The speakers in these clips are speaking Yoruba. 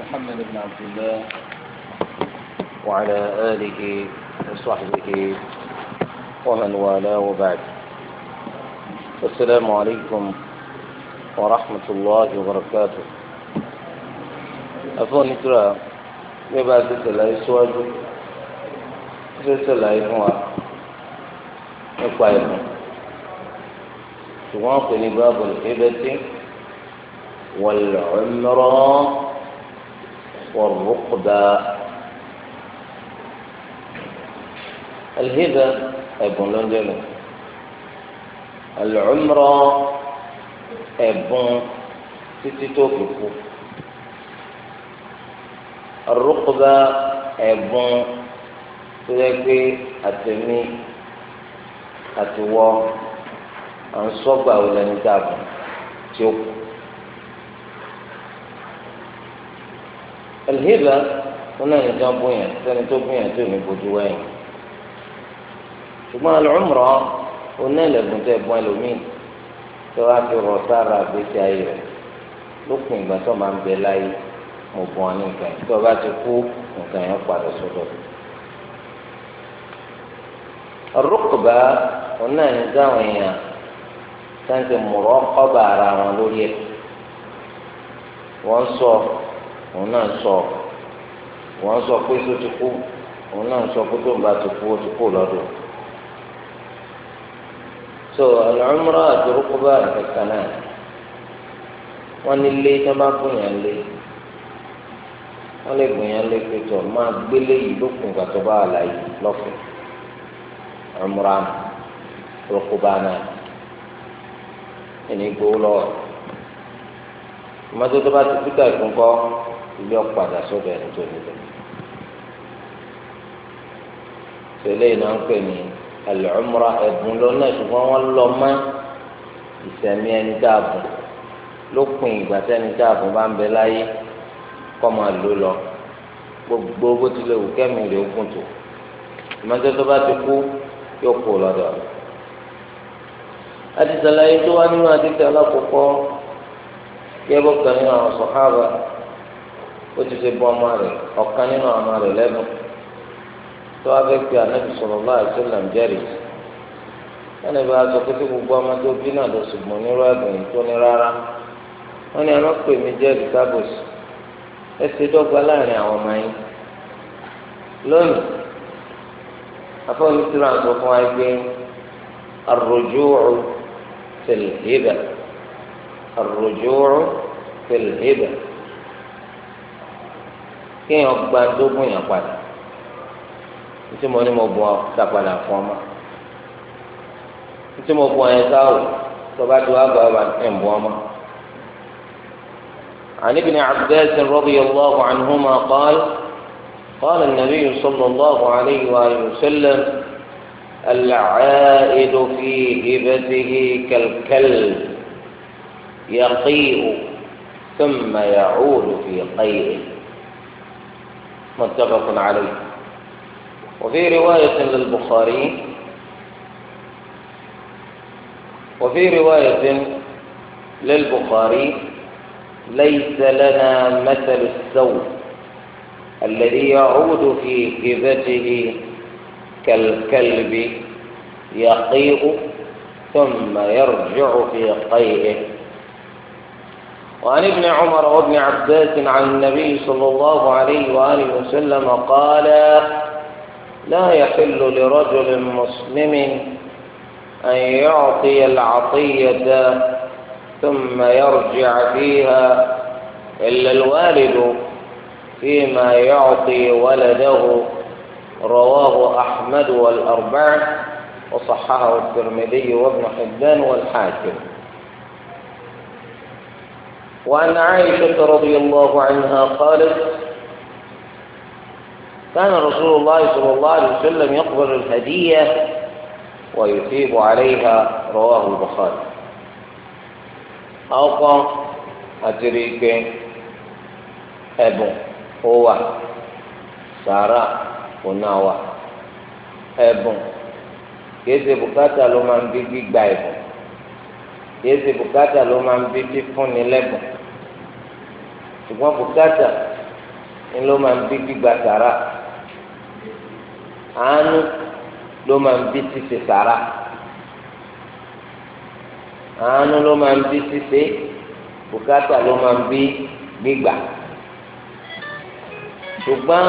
محمد بن عبد الله وعلى آله وصحبه ومن والاه وبعد السلام عليكم ورحمة الله وبركاته أفوني ترى يبقى تسأل سؤال تسأل هو يقوى سواق لباب باب الهبة والعمران والرقبة الهبة أبن لنجل العمرة أبن تتتوكف الرقبة أبن تلاقي أتمي أتوا أنصب أو لنتابع تيوكو alhiba wọn náà nìkan bóyá sẹni tó bóyá tó ní bójú wáyé ṣùgbọ́n alùmùrọ̀ onílẹ̀gùn tẹ bọ́ ẹlòmíì tó wá fi rọ̀ sára àgbésí ayé rẹ̀ lópin ìgbà tó máa ń bẹ láyé mo bọ̀ ní nǹkan yìí tó bá ti kú nǹkan yẹn padà sọ́dọ̀. rúkùbá onáàní dáhùn èèyàn sáńtì mùrọ̀ ọ̀bà ara wọn lórí ẹ̀ wọ́n sọ òun náà sọ wọ́n sọ pé tó ti kú òun náà ti kú ó ti kú so al-umra àti náà wọ́n ní lé tó bá fún yàn lé wọ́n lè gbìn yàn lé pé tó máa gbélé yìí lókun ìgbà tó bá wà láàyè lọ́fẹ̀ẹ́ ti kú tà ilé ọ̀padà sọ́dọ̀ ẹni tó níbẹ̀. tẹ́lẹ̀ náà ń pè ní al ẹ̀bùn lọ́nà ṣùgbọ́n wọ́n lọ mọ́ ìsẹ̀mí ẹni dáàbò lópin ìgbà tẹ́ni dáàbò bá ń bẹ láyé kọ́ máa lò lọ gbogbo bó tilẹ̀ wù kẹ́mi rè ókun tó ìmọ̀tẹ́ tó bá ti kú yóò kó lọ́dọ̀ àti sàlàyé tó wá nínú ó ti ṣe bọ́ ọmọ rẹ̀ ọ̀kan nínú ọmọ rẹ̀ lẹ́nu tó wá fẹ́ pe ànábì sọ̀rọ̀ bá àti ṣẹlẹ̀ jẹ́rìí ẹnì bá sọ pé tí gbogbo ọmọ tó bí náà lọ ṣùgbọ́n nírú ẹ̀bùn tó ní rárá wọ́n ní ẹran pè mí jẹ́rìí sábòsì ẹ ṣe dọ́gba láàrin àwọn ọmọ yín lónìí kéèyàn gba yẹn padà títí mo ní mo bọ ta padà fún ọmọ títí mo bọ yẹn sáwò tọba tó wà bá ẹ̀ ń bọ ọmọ. عن ابن عباس رضي الله عنهما قال قال النبي صلى الله عليه وآله وسلم العائد في هبته كالكلب يقيء ثم يعود في قيئه متفق عليه وفي رواية للبخاري وفي رواية للبخاري ليس لنا مثل السوء الذي يعود في كبته كالكلب يقيء ثم يرجع في قيئه وعن ابن عمر وابن عباس عن النبي صلى الله عليه وآله وسلم قال لا يحل لرجل مسلم أن يعطي العطية ثم يرجع فيها إلا الوالد فيما يعطي ولده رواه أحمد والأربعة وصححه الترمذي وابن حبان والحاكم وعن عائشة رضي الله عنها قالت كان رسول الله صلى الله عليه وسلم يقبل الهدية ويثيب عليها رواه البخاري أوقع أتريك أبو هو سارة ونوى أبو كيف بكاتا لمن بيجي بأبو kìí ṣe bùkátà ló máa ń bí fífúnni lẹ́bùn ṣùgbọ́n bùkátà ni ló máa ń bí gbígba sàrà àánú ló máa ń bí ṣíṣe sàrà àánú ló máa ń bí ṣíṣe bùkátà ló máa ń bí gbígbà ṣùgbọ́n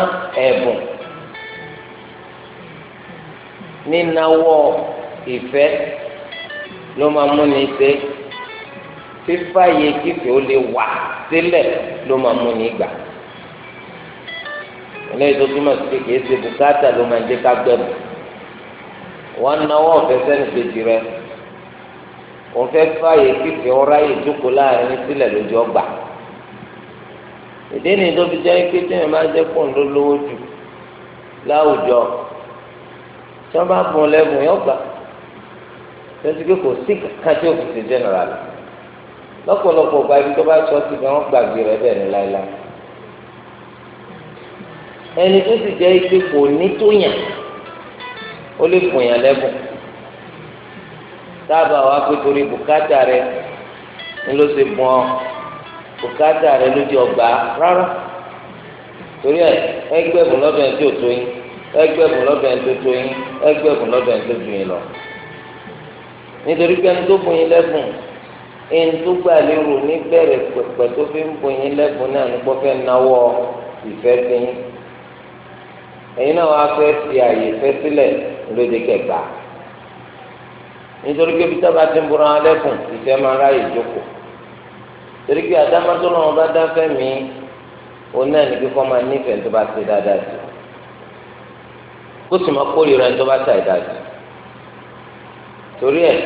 ẹ̀bùn nínáwó ìfẹ́ ló máa mú ní ṣe fífàyè kíkẹ́ ó lè wà sílẹ̀ ló máa mú ní gbà eléyìí tó túmọ̀ sí kékeré ṣe bùkátà ló máa ń jẹ́ ká gbẹ̀mù wọ́n náwó ọ̀fẹ́ sẹ́ni kejì rẹ̀ wọ́n fẹ́ fàyè kíkẹ́ ọ̀rá yìí jókòó láàrin sílẹ̀ lójú ọgbà ìdí nìyí tó fi jẹ́ pé tí wọ́n máa jẹ́ pọ̀ ńlọ́lọ́wọ́ jù láwùjọ tí wọ́n bá bùn lẹ́bùn yọ̀gbà tẹ́tí pé kò sí kankan tí òfin ṣe general lọ́pọ̀lọpọ̀ ọgbà ibi tó bá sọ sí ni wọ́n gbàgbé rẹ̀ bẹ́ẹ̀ ni láéláé ẹni tó sì jẹ́ ipe kò ní tó yàn ó lè fún yàn lẹ́bùn dábàá wa pé torí bùkátà rẹ ni ló ṣe bùn ọ bùkátà rẹ ló di ọgbà rárá torí ẹ ẹgbẹ́ bùn lọ́dọ̀ ẹ̀ tí ò tó yín ẹgbẹ́ bùn lọ́dọ̀ tó tó yín ẹgbẹ́ bùn lọ́dọ̀ tó ju yín lọ nítorí pé ẹni tó bùn yín lẹ́bùn ẹni tó gbà lérò ní bẹ̀rẹ̀ pẹ̀pẹ̀ tó fi ń bùn yín lẹ́bùn náà ní kó fẹ́ náwó ìfẹ́ sí yín ẹ̀yin náà wàá fẹ́ fi àyè fẹ́ sílẹ̀ lóde kẹgbà nítorí pé bíta bá ti ń bora lẹ́kùn ìfẹ́ máa ráyè jókòó torí pé àdámátó náà bá dá mi òun náà ní kíkọ́ máa nífẹ̀ẹ́ tó bá ti dáadáa sí kó sì máa kórìíra tó bá ta ìdájọ́. torí ẹ̀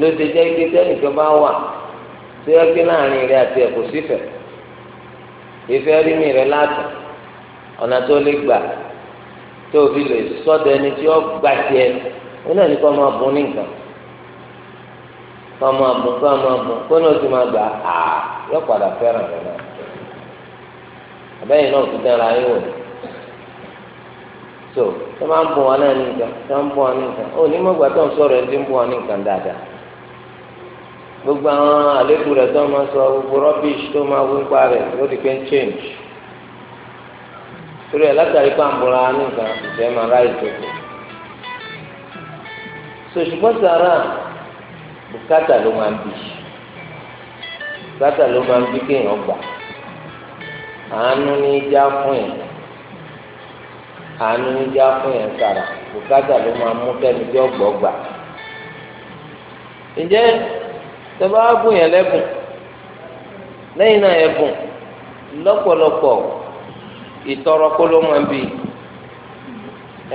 ló ti jẹ́ ike tẹ́nìkan bá wà tí wọ́n gbé láàrin rẹ̀ àti ẹ̀kọ́ sífẹ̀ ìfẹ́ rí mi rẹ̀ látọ̀ ọ̀nà tó lè gbà tó fi lè sọ́dọ̀ ẹni tí ó gbà tiẹ̀ ó náà ní kó máa bùn so tó máa ń wọn náà ní nǹkan tó ń wọn ní ó ní mọ̀gbà tó ń sọ̀rọ̀ ẹni tí ń wọn dáadáa gbogbo àwọn àlékún tó máa sọ gbogbo tó pa ló pé ń change torí ẹ̀ látàrí pé à ń bọ̀ra ní máa ráyè tó kù so ṣùgbọ́n sàrà bùkátà ló máa ń bì bùkátà ló máa ń bì kéèyàn gbà àánú ní í àánú ní já fún yẹn sára bùkátà ló máa mú kẹ́ni tí ọgbọ gbà. ǹjẹ́ tẹ́lá bùn yẹn lẹ́bùn lẹ́yìn náà lọ́pọ̀lọpọ̀ kó ló máa bì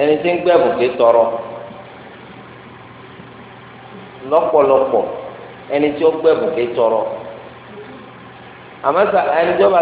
ẹni tí ń gbẹ̀bùn tọrọ lọ́pọ̀lọpọ̀ ẹni tí ó gbẹ̀bùn tọrọ àmọ́ ẹni tí ó bá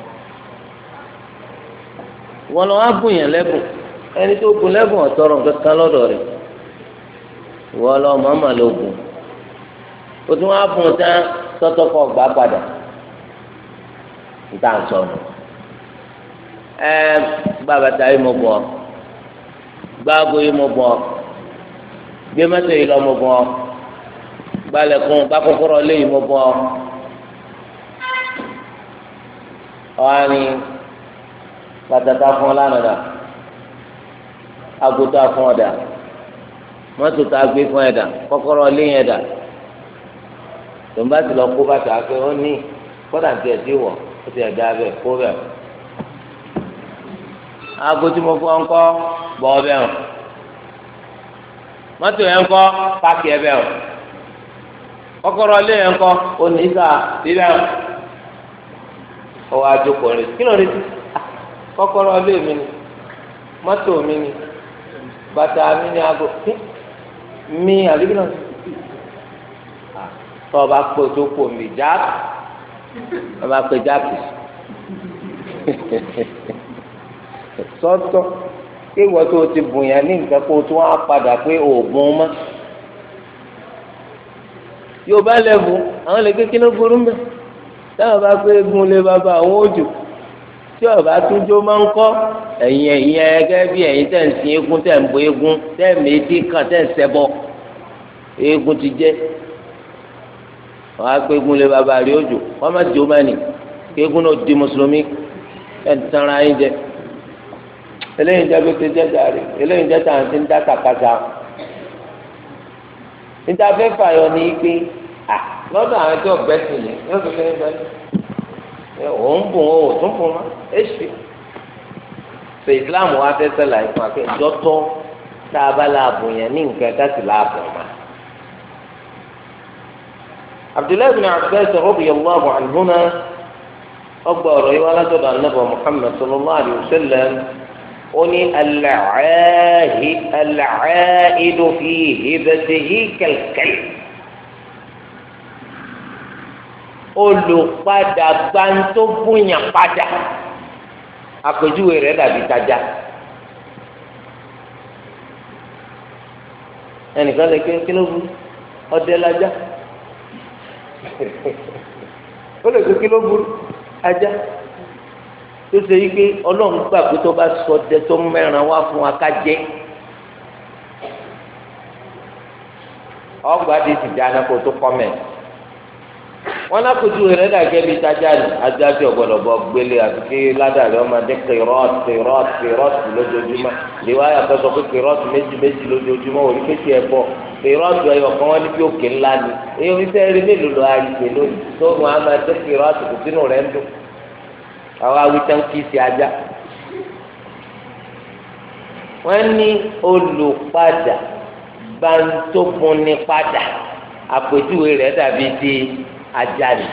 wọn lọ wá bùn yẹn lẹ́bùn ẹni tó bùn lẹ́bùn ọ̀tọ̀rọ̀ kankan lọ́dọ̀ rẹ̀ wọn lọ màmá ló bùn o tún wá bùn tán tọ́tọ́ kọ́ gbà padà níta ń sọnù ẹ gba yìí mo bọ̀ gba yìí mo bọ̀ gbé yìí lọ mo bọ̀ gbalẹ̀kùn gbàkọ́kọ́rọ́ lé mo bọ̀ ọ́ wá ní bàtàtà fún ọ lánàá dà agota fún ọ dà mọ́tò tá a gbé fún ẹ dà kọ́kọ́rọ́ lé yẹn dà tó ń bá ti lọ kó bàtà pé ó ní kọ́dà tiẹ̀ ti wọ̀ ó ti ẹ̀dá bẹ̀ kó bẹ̀ aago mo fọ́ ń kọ́ ọ bẹ̀ hàn mọ́tò yẹn ń kọ́ ẹ bẹ̀ hàn kọ́kọ́rọ́ lé yẹn ń kọ́ ó ní sà síbẹ̀ hàn ó kí ló rí sí kọ́kọ́rọ́ ilé mi ni mọ́tò mi ni bàtà mi ni aago mi àbíkí náà ah, tọ́ba pé tó pò mí jáàpù tọ́ba pé jáàpù sọ́tọ̀ ìwọ tó ti bùnyàn ní nǹkan kó tó wá padà pé oògùn mọ́ yóò bá lẹ́bùn àwọn lè kékeré burú mbẹ́ táwọn bá pé egun lé bàbá àwọn òjò tí ọba túnjó máa ń kọ́ ẹ̀yìn ẹ̀yìn ẹgẹ́ bí ẹ̀yìn tẹ̀ ń sin eégún tẹ̀ ń bọ eégún tẹ̀ ń méjì kan tẹ̀ ń sẹ́bọ̀ eégún ti jẹ́ wọ́n á pé eégún lé bàbá rí òjò wọ́n má jó má nì eégún náà di mùsùlùmí ẹ̀ ń tanra yín jẹ eléyìí jẹ́ pé tẹ́jẹ́ dàrí eléyìí jẹ́ tàn sí ń dá kàkàtà níta fẹ́ fàyọ ní pé lọ́dọ̀ àwọn tí ọ̀gbẹ́sìn ni yóò fi bẹ́ẹ̀ òun bùn ó tún bùn má èsì ṣe islam wa fẹ́ sẹ́la ìfún akẹ́ ìjọ́tọ́ tá a bá láàbù yẹn ní nǹkan ká sì láàbù má. abdullahi bin abbas radiyallahu anhuma ọgbà ọ̀rọ̀ yìí wá látọ̀dọ̀ anábọ̀ muhammad sallallahu alayhi wa sallam ó ní alàáhìdù fi hibatihi kẹlkẹlì. olùpadà gbantó bóyàn padà àpèjúwe rẹ̀ dàbí tajà ẹnìkan lè ké kí ló bu ọdẹ lajá ó lè ké kí ló bu ajá tó ṣe yí pé ọlọ́run gbà pé tó bá sọ ọdẹ tó mẹ́ràn wá fún wa ká ọgbà di dáná kó tó wọn lákòójú rẹ dàgẹ́ bíi tájà ní ajáde ọ̀gbọ̀dọ̀ bọ gbélé àti kí ládàrí ọmọdé kìrọ́ọ̀tì kìrọ́ọ̀tì kìrọ́ọ̀tì lójoojúmọ́ lèwáyà tó sọ pé kìrọ́ọ̀tì méjì méjì lójoojúmọ́ òní méjì ẹ̀ bọ̀ kìrọ́ọ̀tì ọ̀yọ̀ kan wọ́n ní bí òkè ńlá ni èyí omi fẹ́ rí mélòó lọ àyíké lónìí tó mú amadé kìrọ́ọ̀tì kò sínú rẹ̀ ń dùn àwọn awitán kì í ṣe ajá wọ́n ní olùpadà bá ń tó fún ní padà àpèjúwe rẹ̀ dàbí ti ajalè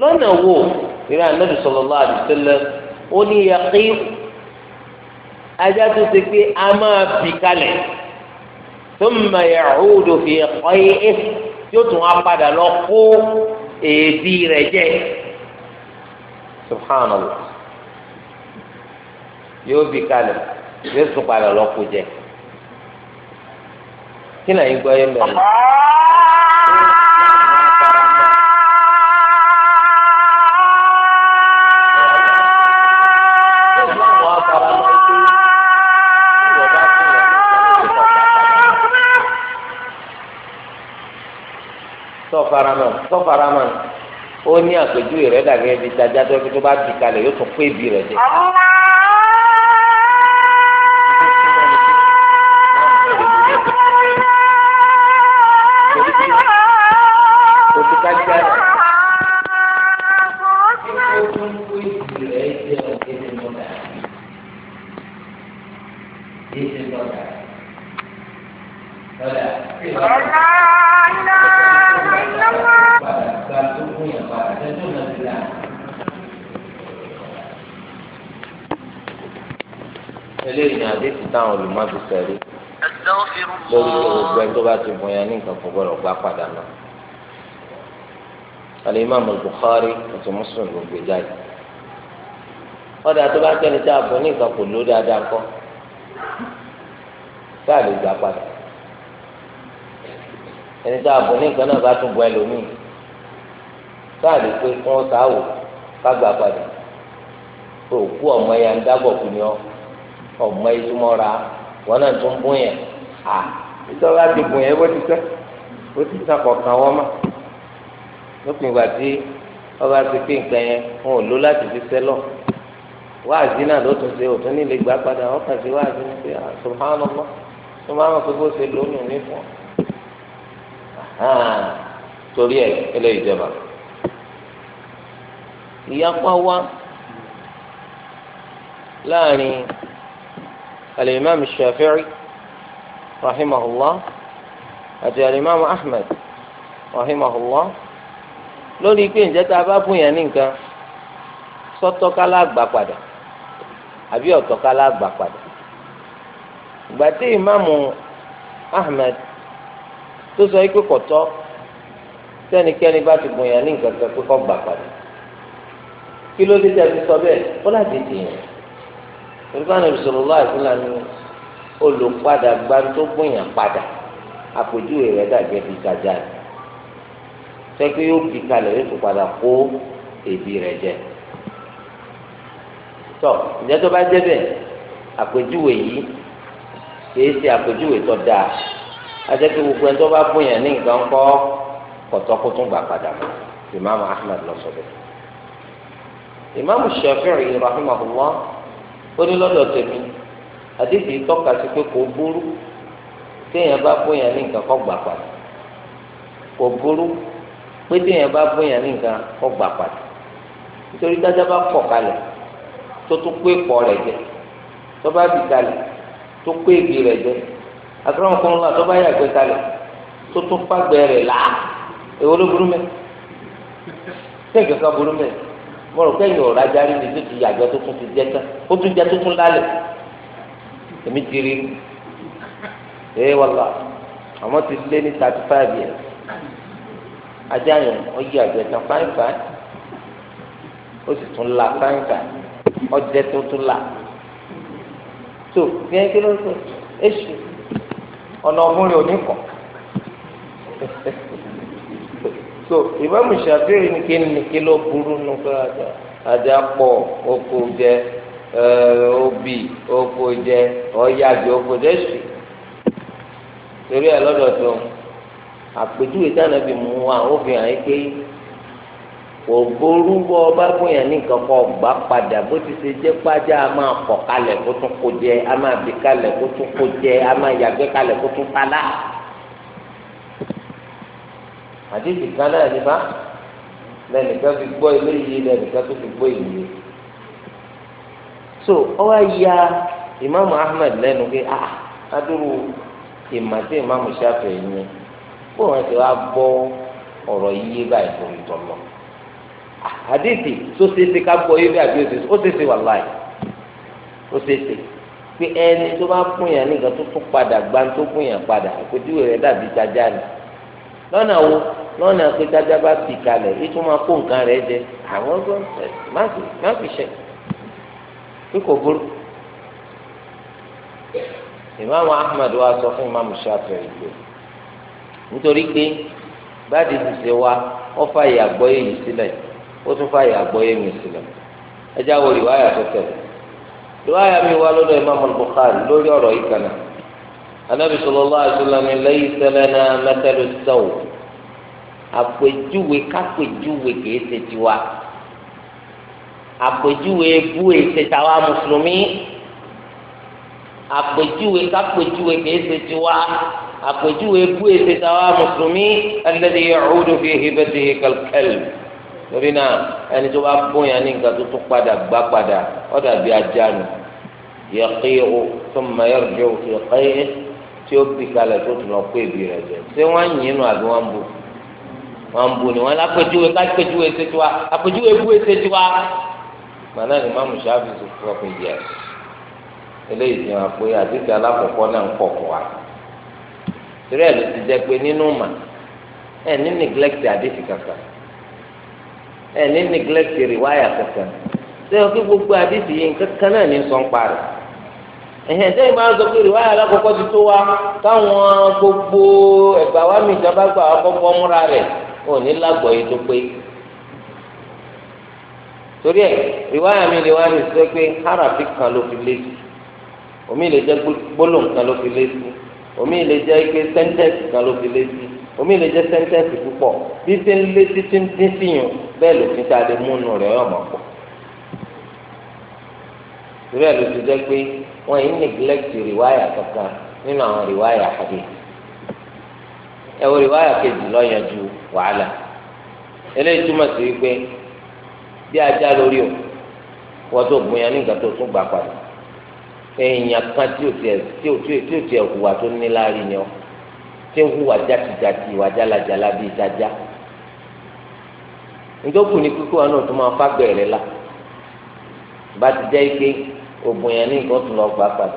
lọ́nà wo ìrìn ànábì sallallahu alaihi wasallam ó ní yàtí ajá tó ṣe pé a máa bì kalẹ̀ thumma ya'udu fi qay'ihi yóò tún á padà lọ kó èébì rẹ̀ jẹ subhanallah yóò bì kalẹ̀ yóò tún padà lọ kó jẹ kí nàá yín gbọ́ yín bẹ̀rẹ̀. sọfarama sọfarama ó ní àpèjúwe rẹ dàgẹ́ bíi dájá tó kí tó bá bì kalẹ̀ yóò tún pé ibi rẹ jẹ. táwọn olùmọ̀bí sẹ̀rí lórí gbogbo ẹni tó bá ti bọ̀ yẹn ní nǹkan kò gbọdọ̀ gbá padà náà. Al-Imam Al-Bukhari àti Muslim ló gbé jáde. ọ̀dà tó bá tẹ́lẹ̀ tí a bọ̀ ní nǹkan kò ló dáadáa kọ́ tá a lè gbà padà. ẹni tá a bọ̀ ní nǹkan náà bá tún bọ̀ ẹlòmíì tá a lè pé kí wọ́n sáà wò ká gbà padà. òkú ọmọ ya ń dábọ̀ kú ni ọ́ ọmọ ìtumọ̀ ra wọn náà tún bún yẹn à nítorí láti bún yẹn bó ti sẹ́ bó ti sẹ́ kọ̀ọ̀kan wọ́n mọ̀ lópin ìgbà tí ọba ti pín nǹkan yẹn wọn ò lò láti fi sẹ́ lọ wáàzí náà ló tún ṣe òtún nílé gbà padà ọkàn sí wáàzí ní pé subhanallah tó máa ń fi bó ṣe lónìí òní fún ọ torí ẹ eléyìí jẹba ìyapa wa láàrin alimami shafi'i rahimahullah àti alimami ahmed rahimahullah lórí pé ǹjẹ́ tá a bá fún yẹn ní nǹkan sọ́tọ́ká lágbà padà àbí ọ̀tọ́ká lágbà padà ìgbà tí ìmáàmù ahmed tó sọ pé kọ̀tọ́ sẹ́nikẹ́ni bá ti bùn yẹn ní pé kọ́ gbà padà kí ló dé tẹ́ fi sọ bẹ́ẹ̀ ó láti dì yẹn nígbà náà bisalòlá àìsílá ni olùpadà gba tó gbìyàn padà àpèjúwe rẹ̀ dàgbẹ́ bíi gàdá sẹ́kẹ́ yóò bì kalẹ̀ yóò tún padà kó èbì rẹ̀ jẹ tọ́ ìjẹ́ tó bá jẹ́ bẹ́ẹ̀ àpèjúwe yìí kìí ṣe àpèjúwe tó dáa ajẹ́ gbogbo ẹni tó bá gbìyàn ní nǹkan kọ́ kọ̀tọ́kùtù gbà padà mọ́ ìmáàmù Ahmad lọ sọ bẹ́ẹ̀ ìmáàmù Shafi'i rahimahullah ó ní lọ́dọ̀ tèmi àdéhìí tọ́ka sí pé kò burú téèyàn bá bóyá ní nǹkan kọ́ gbà pàdé kò burú pé téèyàn bá bóyá ní nǹkan kọ́ gbà pàdé nítorí dájá bá pọ̀ kalẹ̀ tó tún pé pọ̀ rẹ̀ jẹ tó bá bì kalẹ̀ tó pé èbì rẹ̀ jẹ àtúrọ̀mù kan ńlá tó bá yàgbé kalẹ̀ tó tún pàgbẹ́ rẹ̀ là èwo ló burú mẹ́ tẹ́ẹ̀kẹ́ ká burú mẹ́ mo rò kẹ́yìn ọ̀rọ̀ ajá rí ni tó ti yàgbẹ́ tó tún ti jẹ́ tán ó tún jẹ́ tó tún lálẹ́ èmi ti rí ee wàlá àmọ́ ti lé ní thirty five years ajá yẹn ó yí àgbẹ̀ tán fáìfáì ó sì tún la fáìfáì ọjẹ́ tó tún la tó fi ẹ́ kí ló ń sọ èṣù ọ̀nà ọ̀hún ò ní kọ̀. so ìmáàmù Ṣàfi'í ní kí ni kí ló burú nù pé àjà àjà pọ̀ oko jẹ obì oko jẹ ọ̀yàgbé oko jẹ sùn torí ẹ lọ́dọ̀ tó àpèjúwe táwọn ẹbí mú wa ó fi hàn pé kò ború bọ́ ọba gbóyàn ní nǹkan kan ọgbà padà bó ti ṣe jẹ́ pàjá a máa pọ̀ kalẹ̀ kó tún kó jẹ a máa bì kalẹ̀ kó tún kó jẹ a máa yàgbẹ́ kalẹ̀ kó tún palá àdéhùn kan náà ní bá lẹ́nìkan fi gbọ́ eléyìí lẹ́nìkan tó fi gbọ́ èyí so ọwọ́ ya ìmáàmù Ahmed lẹ́nu pé a ah, adúrú ìmàtí ìmáàmù Ṣáfi'í ni kó wọn ti wá gbọ́ ọ̀rọ̀ yíyé báyìí torí tọ́lọ́ àdéhùn ah, tó ṣe é ṣe ká gbọ́ yíyé àbí òṣèṣe ó ṣe é ṣe wà láì ó ṣe é ṣe pé ẹni tó bá fún yàn nìkan tó tún padà gbá tó fún yàn padà àpèjúwe rẹ dàbí jájá ni lọ́nà wo. lọ́nà pé dájá bá bì kalẹ̀ ètò kó nǹkan rẹ̀ jẹ àwọn ọgbọ́n má fi ṣe pé kò burú. ìmáàmù ahmed wa sọ fún ìmáàmù Shafi'i ìgbò nítorí pé báàdì ti ṣe wa wọ́n fààyè àgbọ́ yéyìn sílẹ̀ ó tún fààyè àgbọ́ yéyìn sílẹ̀ ẹjá wo rìwáyà tó tẹ̀lé rìwáyà mi wá lọ́dọ̀ ìmáàmù Bukhari lórí ọ̀rọ̀ yìí kan náà anábìsọ̀lọ́lá lẹ́yìn sẹ́lẹ̀ náà àpèjúwe kápèjúwe kìí ṣe tiwa àpèjúwe ebú èyí e ṣe tàwa mùsùlùmí àpèjúwe kápèjúwe kìí ṣe tiwa àpèjúwe ebú èyí e ṣe tàwa mùsùlùmí alladhi ya'udu fi hibatihi kal-kalb torí náà ẹni tó bá bóyá ní nǹkan tó tún padà gbá padà ó dàbí ajá nù yaqi'u thumma yarji'u fi qay'ihi tí ó bì kalẹ̀ tó tún lọ kó èbì rẹ̀ jẹ ṣé wọ́n á yìn nù àbí wọ́n á bù fún wọn ń bò ní wọn lápẹjúwe kápẹjúwe ṣe tiwa àpẹjúwe bú ṣe tiwa gbaná ni má musa fi so fún ọkùnrin yẹ eléyìí ti hàn pé àdìsí alákọ̀ọ́kọ́ náà ń pọ̀ fún wa torí ẹ̀ ló ti jẹ́ pé nínú mà ẹ̀ ní neglect àdìsí kankan ẹ̀ ní neglect rìwáyà kankan o kí gbogbo àdìsí yìí kankan náà ní sọ ń parẹ́ ẹ̀hìn sẹ́yìn máa ń sọ pé rìwáyà alákọ̀ọ́kọ́ ti tó wa káwọn gbogbo ẹ̀gbà wa mi ìjọba gbà wá kọ́kọ́ múra rẹ̀ ò ní lágbọ̀ọ́yé tó pé torí ẹ ìwáyà mi lè wá mi sọ pé harafi kan ló fi lé sí omi lè jẹ gbólóhùn kan ló fi lé sí omi lè jẹ ike sẹńtẹsì kan ló fi lé sí omi lè jẹ sẹńtẹsì púpọ̀ bí ṣe ń lé títí ń dín síyàn bẹ́ẹ̀ lòfin tá a lè ọmọ pọ̀ torí ẹ ló ti jẹ pé wọn yìí neglect rìwáyà kankan nínú àwọn rìwáyà hadith. ẹwọ rìwáyà kejì ló wàhálà eléyìí túmọ̀ sí wípé bí ajá lórí o wọ́n tó gbóyan ní tó tún gbà padà èèyàn kan tí o tiẹ̀ tí ò tiẹ̀ tí tiẹ̀ hùwà tó ní láàrin ni ọ tí hùwà jákèjádì ìwà jálajàlá bíi jájá ní kíkó wa náà máa fá gbẹ̀rẹ̀ la bá ti jẹ́ ike ògbóyan ní tó lọ gbà padà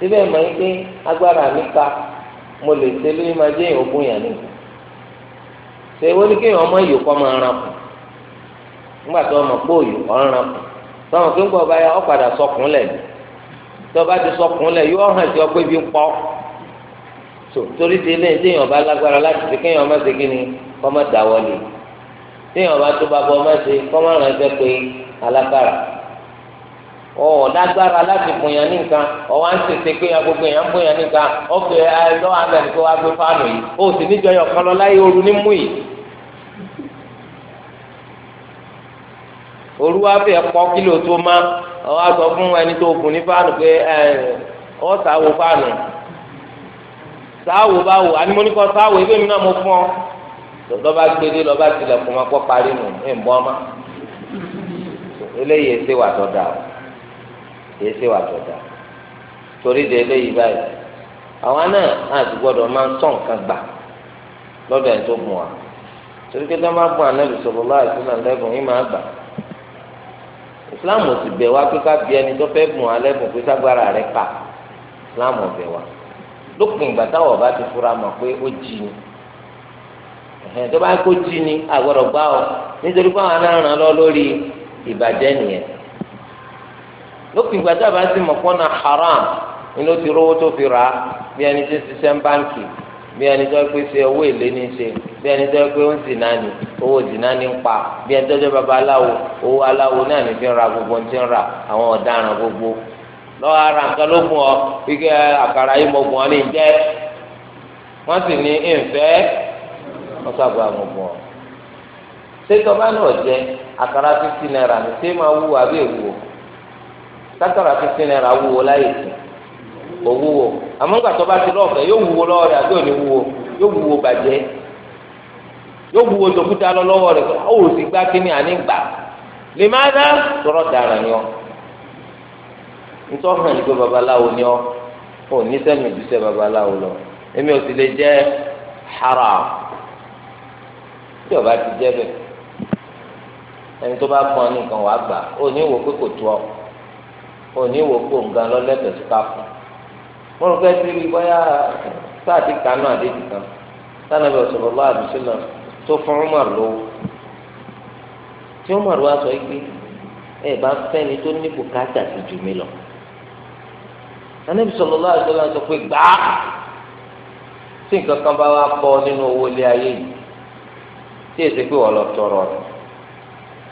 síbẹ̀ mọ̀ ike agbára mi ka. mo lè ṣe lórí máa jẹ́ èèyàn ogún yẹn ni ṣe wọ́n ní kéèyàn ọmọ ìyò kọ́ máa ràn kù nígbà tó ọmọ pé òyò ọ̀ ń ràn kù tọ́wọ́n kí ń gbọ́ báyà ọ̀ padà sọkùn lẹ̀ tó bá ti sọkùn lẹ̀ yóò hàn sí ọ pé bí ń pọ́ torí ti ilé téèyàn bá lágbára láti fi kéèyàn ọmọ ṣe kí ni kọ́ mọ́ dáwọ́lé téèyàn bá tó bá bọ́ ọmọ ṣe kọ́ mọ́ ràn ọ lágbára láti fún yàn nìkan ọwọ à ń tètè pé yàn gbogbo yàn ń fún yàn nìkan ọfẹ ẹ lọ àgbẹ nìkan wàá gbé fáànù yìí ó sì níjọ yàn kọlọ láyé ooru ní mú yìí. ooru wa fẹ́ pọ kílò tó má ọwọ àgbọ fún ẹni tó kù ní fáànù pé ẹ ọ sàwò fáànù sàwò báwò ànímọ́nìkan sàwò ebí mi náà mo fún ọ lọ́ba gbélé lọ́ba tilẹ̀kùn máa pọ́ parí nù ẹ̀ ń bọ́ ọ kìí ṣe wà torí de eléyìí báyìí àwa náà àti gbọ́dọ̀ máa ń tọ̀ nǹkan gbà lọ́dọ̀ ẹni tó bùn wa torí pé dáná bùn anábì sọ̀rọ̀ láì sí náà lẹ́bùn yìí máa gbà Islam wá bí ẹni tó fẹ́ bùn alẹ́bùn pé ságbára rẹ̀ kà Islam ni tó bá kó jí ni lópin ìgbà tí a bá ti mọ̀ fọ́nà haram ni ló ti rówó tó fi rà á bí ẹni tó ti sẹ́ ń bí ẹni tó pé ṣe owó èlé ní ṣe bí ẹni tó pé ó ń náà owó náà ní fi ń ra gbogbo ní ra àwọn gbogbo lọ́wọ́ ara ike àkàrà yìí ní jẹ́ wọ́n sì ní ìfẹ́ wọ́n sábà náà jẹ sátọ̀rà fifteen naira wúwo láyè sí o wúwo àmọ́ bá ti lọ́ọ̀fẹ́ yóò wúwo lọ́wọ́ rẹ̀ àti òní wúwo yóò wúwo bàjẹ́ yóò wúwo dòkúta lọ lọ́wọ́ rẹ̀ ó gbá àní gbà dara ni ọ nítorí babaláwo ni ní sẹ́mi ìdúsẹ́ babaláwo lọ èmi ò sì lè jẹ́ tí ọba òní wò kó nǹkan lọ́lẹ́tọ̀ọ́ sí káfọ́ mo rò pé tí bóyá sáàtì kanú àdéhùn kan sanabi ọ̀sọ̀rọ̀lá àdùsílẹ̀ tó fún Umar lówó tí Umar wá sọ pé ẹ bá fẹ́ni tó ní bùkátà sí jù mí lọ anabi sọlọ́lá àdùsílẹ̀ sọ pé gbàá tí nǹkan kan bá wá bọ́ nínú owó ilé ayé yìí tí èsì pé wọ́n tọrọ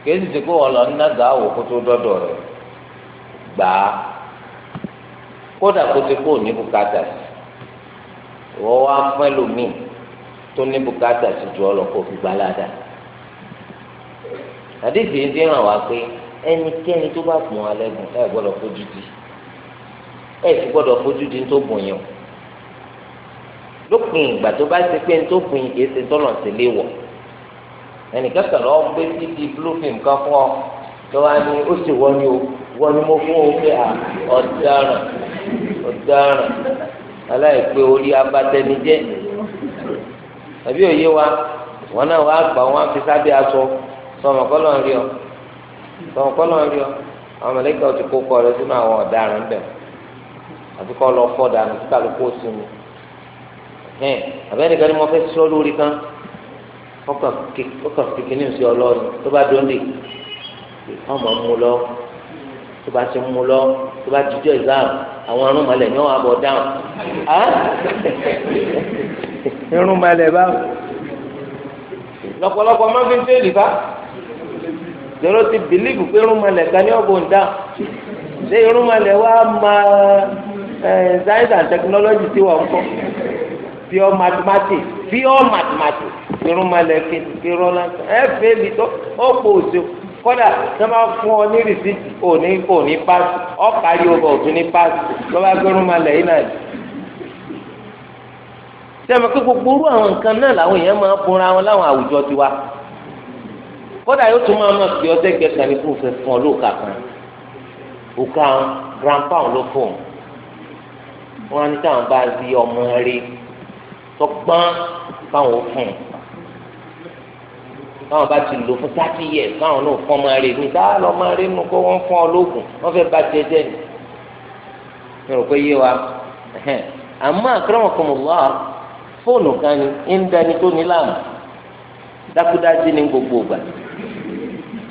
kì gbà á kódà kó ti kó ní bùkátà sí ìwọ wá fún ẹlòmíì tó ní bùkátà sí ju ọlọ kó fi gbà ládà àdéhìí ń dín ràn wá pé ẹnikẹ́ni tó bá gbọ́n alẹ́ gùn ẹ gbọ́dọ̀ fojú di ẹ sì gbọ́dọ̀ fojú di tó bùn yàn lópin ìgbà tó bá ti pé tó bùn yìí kìí tọ́nà sí léwọ̀ ẹnìkan sọ̀rọ̀ ọ́ gbé títí blue film kan fún ọ tó wá ní ó sì wọ́n ní o wọ́n ni mo fún ọ pé ọ̀daràn ọ̀daràn aláìpé orí abatẹnijẹ́ àbí òye wa wọn náà wàá gbà wọn fi sábẹ́ aṣọ sọmọ kọ́lọ̀ ń rí ọ sọmọ kọ́lọ̀ ń rí ọ àwọn mẹlẹ́kà ti kó kọ rẹ sínú àwọn ọ̀daràn bẹ̀ àti kọ́ lọ fọ́ dànù tí kálukú o sinmi ẹ̀ àbẹ́nìkan ni mo fẹ́ sọ lórí kan ọkàn kékeré ń sọ ọlọ́run tó bá dóńdè ọmọ mú lọ tó bá ti mú lọ tó bá jíjọ exam àwọn arúnmalẹ̀ ní wọn abọ̀ dáhùn á irúnmalẹ̀ bá lọ́pọ̀lọpọ̀ máa fi ń tẹ̀lé bá lọ́rọ́ ti bìlíìfù pé irúnmalẹ̀ ga ní ọ̀bọ̀ ń dáhùn ṣé irúnmalẹ̀ wa máa science and technology ti wà ń kọ́ pure mathematics pure mathematics irúnmalẹ̀ kí irọ́ lásán ẹ fẹ́ mi tó ọ̀pọ̀ òṣèlú kódà tí wọ́n bá fún ọ ní rìsíìtì òní òní páàsì ọ parí ọba òtún ní páàsì ló bá gbẹrún máa lẹ̀ yín náà jù. sẹ́mi pé gbogbo orú àwọn nǹkan náà làwọn èèyàn máa bunra wọn láwọn àwùjọ tiwa kódà yóò tún máa mọ̀ sí ọtẹ́ gbẹ̀kan ní kó fẹ́ fún ọ lóòka kan òka grandpa ló fún un wọn á ní táwọn bá rí ọmọ rí tọgbọ́n báwọn fún un báwọn bá ti lò fún thirty years báwọn náà fọ́n máa rí mi dáa lọ́ máa rí nu kó wọ́n fọ́n ọlọ́gùn wọ́n fẹ́ bá tiẹ̀ jẹ́ ni. mi rò pé yé wa àmọ́ akramakumullah fóònù kan ni ń dání tó ní láàmú dákúdájí ní gbogbo ìgbà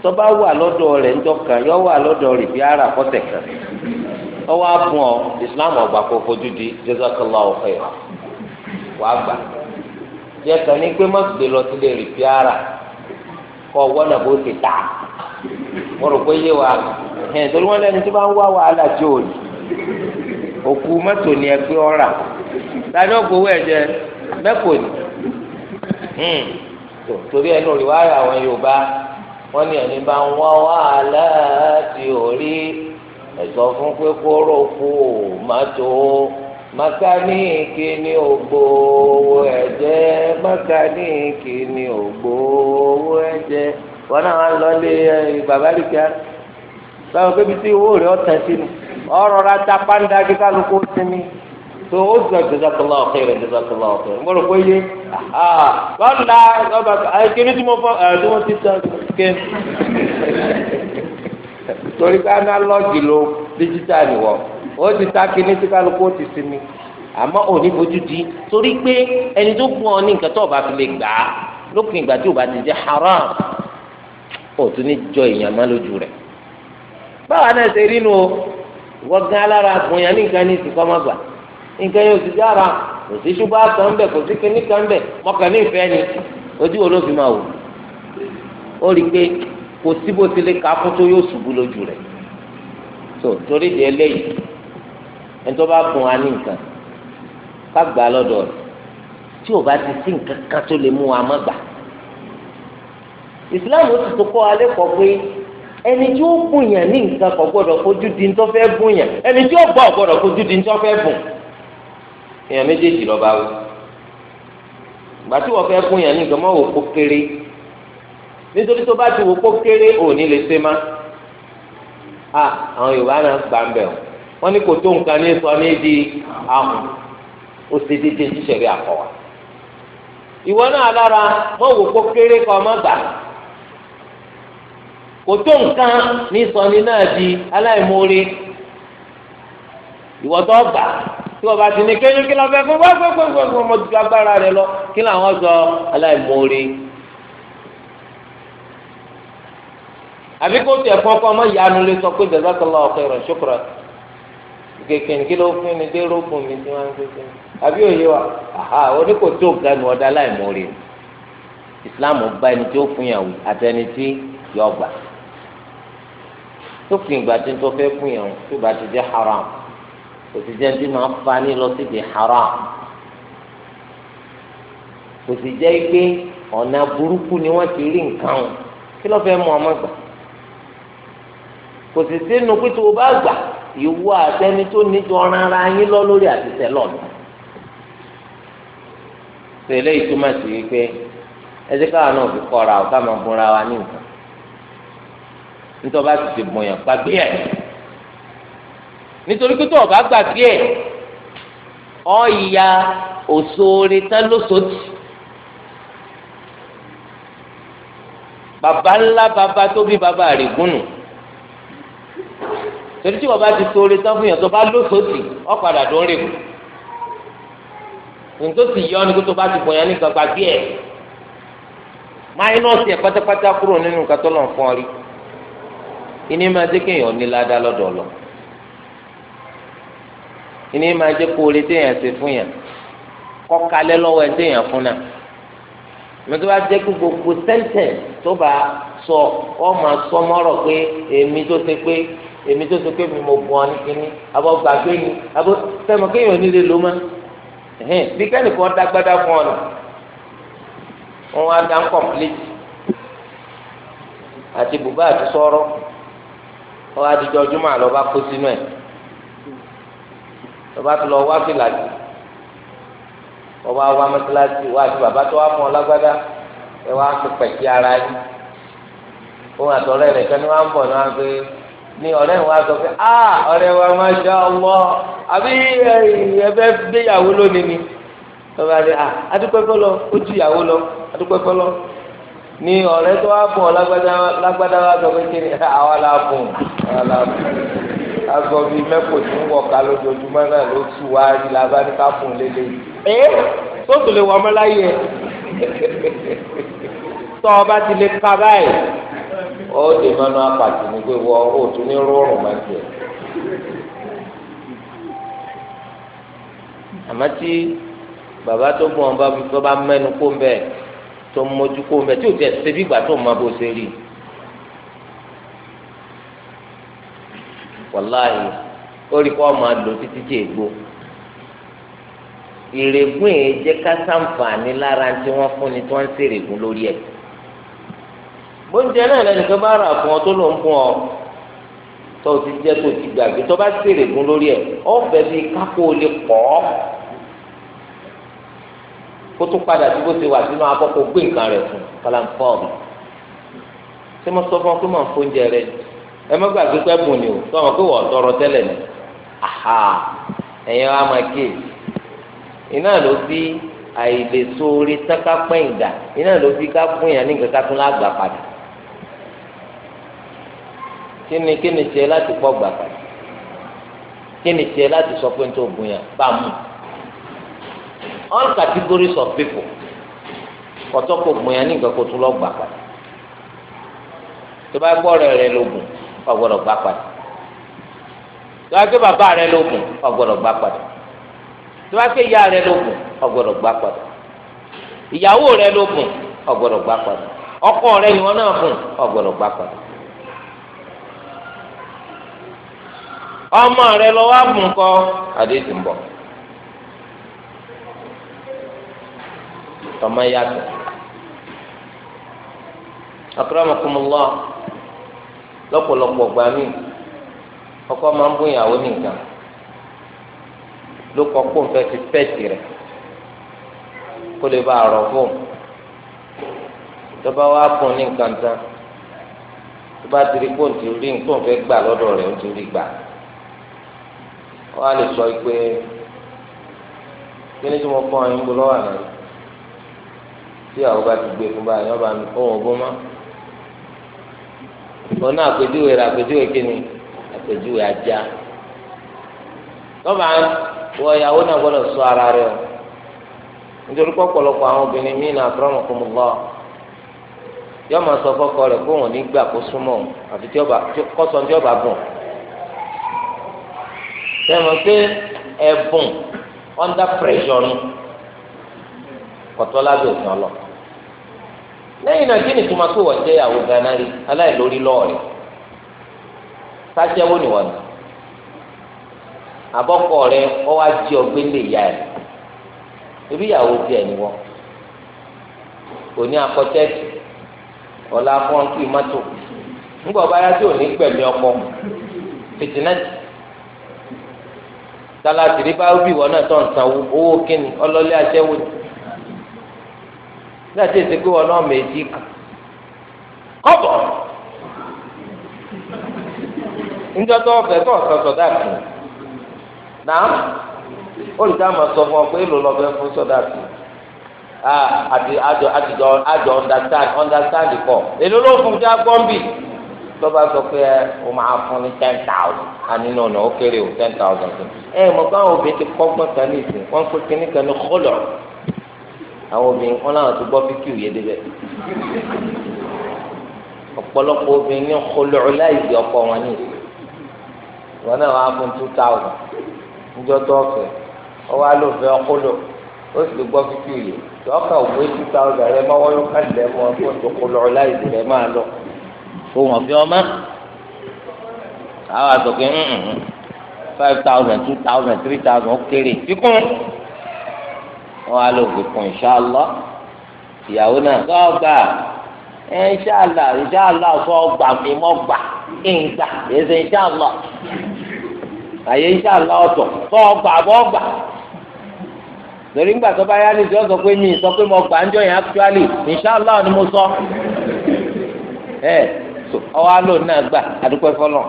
tó bá wà lọ́dọ̀ rẹ̀ ńjọ́ kan yọ wà lọ́dọ̀ rẹ̀ bí ara kọ́tẹ̀ kan ọwọ́ abùn ọ islam ọgbà kò fojú di jazakallahu khaira wàá gbà díẹ̀ kan pé má gbé lọ sílé rìpíárà kọ́ wọ́nà bó ti tà mo rò pé yé wa ẹ̀ torí wọ́n lẹ́nu tí wọ́n wá wàhálà tí ò ní òkú mọ́tò ni ẹ pé ọ̀rà tani ó gbowó ẹ̀ jẹ mẹ́kò ni hmm. torí ẹnu rí wàhálà àwọn Yorùbá wọ́n ní ẹni bá ń wá wàhálà tí ò rí ẹ̀sọ́ fún pé kóró kú mọ́tò ó makaniki ni ògbówó ẹ̀jẹ̀ makaniki ni ògbówó ẹ̀jẹ̀ wọn náà wọn lọ lé bàbá rìkíá báwo pé bíi tí owó rẹ̀ ọ̀tẹ̀ sí ni ọ̀rọ̀ ra ta pàǹdà kí kálukú sinmi tó o sọ jazakallah ọ̀kẹ́rẹ́ jazakallah ọ̀kẹ́rẹ́ mo rò pé yé wọn la ọba kíni tí mo fọ tí mo ti tẹ ké torí ká ná lọ́ọ̀gì lo díjítà nìwọ̀n ó ti ta kíní tí kálukú ó ti sinmi àmọ́ òní fojú di torí pé ẹni tó fún ọ ní nǹkan tó ọba fi lè gbà á lópin ìgbà tí ò bá ti jẹ haram ó tún ní jọ èèyàn má lójú rẹ̀ báwa náà ṣe rí nu o ìwọ gan alára àgbọnyàn ní nǹkan ní ìsìnkọ́ má gbà nǹkan yóò ti dára kò sí ṣùgbọ́n àtàn bẹ̀ kò sí kíní kan bẹ̀ mọ̀kàn ní ìfẹ́ ni ojú wo ló fi máa wò ó rí i pé kò síbòsílẹ̀ káfún tó yóò ṣubú lójú rẹ̀ so torí di eléyìí ẹni tó bá bùn wa ní nǹkan ká gbà á lọ́dọ̀ rẹ̀ tí ò bá ti sí nǹkan kan tó lè mú wa má gbà. ìsìláàmù ó ti tó kọ́ alẹ́ kọ́ pé ẹni tí ó bùn yàn ní nǹkan kò gbọ́dọ̀ fojú di tó fẹ́ bùn yàn ẹni tí ó bọ̀ gbọ́dọ̀ fojú di tó fẹ́ bùn. èèyàn méjèèjì lọ bá wọ ìgbà tí wọ́n fẹ́ bùn yàn ní nǹkan mọ́ wò kéré nítorí tó bá ti wò kó kéré òní lè ṣe má. a àwọn Yorùbá náà gbà ń bẹ̀ wọ́n ní kò tó nǹkan ní sọ ní di ahùn ó ṣe dédé ṣíṣẹ̀rí àkọ́wà. ìwọ náà lára wọ́n wò kó kéré kọ́ ọmọ gbà kò tó nǹkan ní sọ ní náà di aláìmoore ìwọ tó gbà tí wọ́n bá ti ní kéyìn kí lọ́ọ́ fẹ́ fún wá fún fún fún ọmọ ju agbára rẹ lọ kí làwọn sọ aláìmoore. àbí kó tiẹ̀ fún ọkọ ọmọ ìyanu lè sọ pé jazakallahu khairan shukran kékeré kí ló fún mi dé rógùn mi tí wọ́n ń gbé àbí òye wa àhà oníkò tó ga ni ọ̀dà láìmọ̀ọ́rẹ́ ìsìláàmù bá ẹni tó fún yàn wí àtẹni tí yọ gbà tó fi ìgbà tí tó fẹ́ fún yàn tó bá ti jẹ́ haram kò sì jẹ́ tí máa fa ní lọ sí haram kò sì jẹ́ pé ọ̀nà burúkú ni wọ́n ti rí nǹkan o kí ló fẹ́ mú ọmọ gbà kò sì sínú pé tó o bá gbà ìwọ àtẹni tó níjọ ọ̀ràn ara yín lọ lórí àtìsẹ́ lọ́nà. tẹ̀lé ìtumọ̀ sí wípé ẹsẹ̀ káwa náà fi kọ́ra ọ̀ ká máa bunra wa ní nǹkan nítorí bá ti ti bọ̀yàn pàgbé ẹ̀ nítorí pé tó o bá gbàgbé òṣòre tán baba ńlá baba tó baba rẹ̀ gúnnù torí tí wọn bá ti sóore tán fún yàn tó bá lóṣooṣì ọ padà tó ń rè wò nítòsí yọ ni kó tó bá ti bọ̀yàn nìkan gba díẹ̀ máyínọ́ọ̀sì ẹ̀ pátápátá kúrò nínú nǹkan tó lọ́n fún ọ rí ìní máa jẹ́ kéèyàn ní ládàá lọ́dọ̀ lọ ìní máa jẹ́ kó oore téèyàn ṣe fún yàn kọ́kalẹ́ lọ́wọ́ ẹ téèyàn fún náà mẹtọ bá jẹ́ kó gbogbo sẹ́ńtẹ̀ tó bá sọ ọ máa sọ mọ́rọ̀ pé èmi tó ṣe pé èmi tó so pé mi mo bu ọ ní kínní abọ́ gbàgbé ni abọ́ sẹ́mu kéèyàn onílé ló mọ́ ẹ̀hìn bí kẹ́ni kan dágbádá fún ọ nù wọn á dá ń kọ̀mpléètì àti bùbá àti sọ́rọ́ ọ adijọ́ júmọ̀ àlọ́ bá kó sínú ẹ̀ lọ́ba tó lọ wá fìlà jù ọba wa mọ́tíláṣí wa àti bàbá tó wá fún ọ lágbádá ẹ wá pẹ̀kí ara yín òun àtọ̀rẹ́ rẹ̀ kẹ́ni wá ń bọ̀ náà pé ni ọ̀rẹ́ wa sọ pé a ah, ọ̀rẹ́ wa máa ṣe ọmọ àbí ẹ̀fẹ́ gbéyàwó lónìí ni lọ́ba ah, ni a adúpẹ́ fọlọ́ ó ju ìyàwó lọ adúpẹ́ fọlọ́ ni ọ̀rẹ́ tó wá bọ̀ lágbádá wa sọ pé kí ni ah, àwa la bùn àwa la bùn agbọ bíi mẹ́kò tí ń wọ̀ ká lójoojúmọ́ náà ló tù wá rí la ní ká bùn lélẹ̀ ẹ́ tó tó lè wọ́n mọ́ láyé ẹ̀ tọ́ ọ bá ti lè ka báyìí ó dè mọ́nú apàtì ní pé wọ́n ó tún ní rọrùn máa tiẹ̀. àmọ́ tí bàbá tó bọ̀ ọ́n bá fi tó bá mẹ́nu kó ń bẹ̀ tó ń mójú kó ń bẹ̀ tí ò tẹ̀ ṣe bí ìgbà tó máa bó ṣe rí i. wàláhì ó rí kó máa lò títí tí ègbó ìrègùn èèjẹ ká sàǹfààní lára tí wọ́n fún ni tí wọ́n ń ṣèrègùn lórí ẹ̀ oúnjẹ náà lẹ́nìkan bá rà fún ọ tó ló ń fún ọ tó ti jẹ́ tó ti gbàgbé tó bá sèrè gún lórí ẹ̀ ọ̀fẹ́ bíi kápò lè pọ̀ ọ́ kó tó padà sí bó ti wà sínú akọ́kọ́ gbé nǹkan rẹ̀ fún kàlàǹfọ́ọ̀mù ṣé mo sọ fún ọ pé mò ń fóúnjẹ rẹ ẹ má gbàgbé pé bùn ni o tọmọ pé wọ́n tọrọ tẹ́lẹ̀ ni aha ẹ̀yin wa máa ké iná ló bí àìlèso orí tán ká pẹ́yìn dà iná ló bí ká fún yàn ní nǹkan ká tún lágbà padà kíni kíni tiẹ̀ láti kọ́ gbà padà kíni tiẹ̀ láti sọ pé nítorí ògùn yẹn bá mú all categories of people kọtọ́kọ̀ ògùn yẹn ní nǹkan kó tún lọ gbà padà tó bá gbọ́ ọ̀rẹ́ rẹ lógùn ọ̀gbọ́dọ̀ gbà padà tó bá gbé bàbá rẹ lógùn ọ̀gbọ́dọ̀ gbà padà tó bá gbé ìyá rẹ lógùn ọ̀gbọ́dọ̀ gbà padà ìyàwó rẹ lógùn ọ̀gbọ́dọ̀ gbà padà ọkọ rẹ ìwọ náà fún ọ̀gbọ́dọ̀ gbà padà. ọmọ rẹ lọ wá bùn kọ àdéhùn ń bọ̀ tọmọ yàtọ̀ akramakumullah lọ́pọ̀lọpọ̀ gbà mí ọkọ máa ń bún ìyàwó nìkan ló kọ kó n fẹ́ fi pẹ́ẹ̀tì rẹ̀ kó lè bá a rọ̀ fóun tọ́ba wa kún ní nǹkan tán tó bá kó n rí nǹkan fẹ́ gbà lọ́dọ̀ rẹ̀ ó rí gbà wọ́n á lè sọ pé kíni tí mo fọ́ ọyìn gbọ́ lọ́wọ́ àná tí àwọn bá ti gbé fún báyìí wọ́n bá mi fọ́ wọn bó mọ́ òun náà àpèjúwe rẹ̀ àpèjúwe kíni àpèjúwe ajá lọ́ba wọ ìyàwó náà gbọ́dọ̀ sọ ara rẹ̀ o nítorí pọ̀pọ̀lọpọ̀ àwọn obìnrin míì náà fúnra fún mi lọ yọ máa sọ fọ́kọ rẹ̀ kó wọn nígbà kó súnmọ́ àfi tí kọ́sọ̀ tí ọba bùn. sẹ́wọ̀n pé ẹ̀bùn under pressure ni kọ̀tọ́ lábẹ́ òfin ọlọ́ lẹ́yìn náà kí ni tó máa pé wọ́n jẹ́ gánà rí ni rẹ ọ wá jí lè ebi ìyàwó tiẹ̀ ni wọ́n òní akọ́tẹ́ẹ̀tì ọ̀la fọ́nkì mọ́tò ńgbọ̀ báyá tí ò ní ọkọ fìtínẹ́tì. tálàtì rí bá wí wọn náà tó ń san owó kíni ọlọ́lé aṣẹ́wó ni bí àti èsì pé wọn náà méjì kan kọ́bọ̀ níjọ́ tó ọ̀fẹ́ tó ọ̀sán sọ̀dá kù náà olùdámọ̀ sọ fún ọ pé èlò lọ́fẹ́ fún sọ̀dá kù ah, àti àjọ àjọ understand understand kọ èlò ló fún un já gbọ́n bì tọ́ba sọ pé ẹ o máa fún ní ten thousand ànínú ọ̀nà ó kéré o ten thousand fún ẹ mọ̀ káwọn obìnrin ti kọ́gbọ́n kan ní ìsìn wọ́n pé kínní kan ní kọ́lọ̀ àwọn obìnrin wọn làwọn ti gbọ́ fíkì òye débẹ̀ ọ̀pọ̀lọpọ̀ obìnrin ní kọ́lọ̀ láìsí ọkọ wọn ní ìsìn wọn náà wàá fún two thousand níjọ́ tó ọ̀fẹ́ ọwọ́ alófẹ́ ọkọ́lọ̀ ó sì gbọ́ fíkì òye tọ́ka òwe two thousand rẹ máa wọ́n yóò kálẹ̀ mọ́ kó wọn fi ọmọ àwọn àtọkẹ mm, mm, mm, five thousand two thousand three thousand ó kéré kíkún wọn á lò ó kíkún inṣàlá ìyàwó náà sọgbà inṣàlá eh, inṣàlá sọgbà mi mọ gbà ìgbà èsì inṣàlá àyè inṣàlá ọ̀tọ̀ sọgbà bọ gbà torí ńgbà tó bá yá ní ìṣọ́ sọ pé mi sọ pé mo gbà ń jọyìn actually inṣàlá ni mo sọ eh, so ọwọ́ àlò náà gbà àdúpẹ́ fọlọ́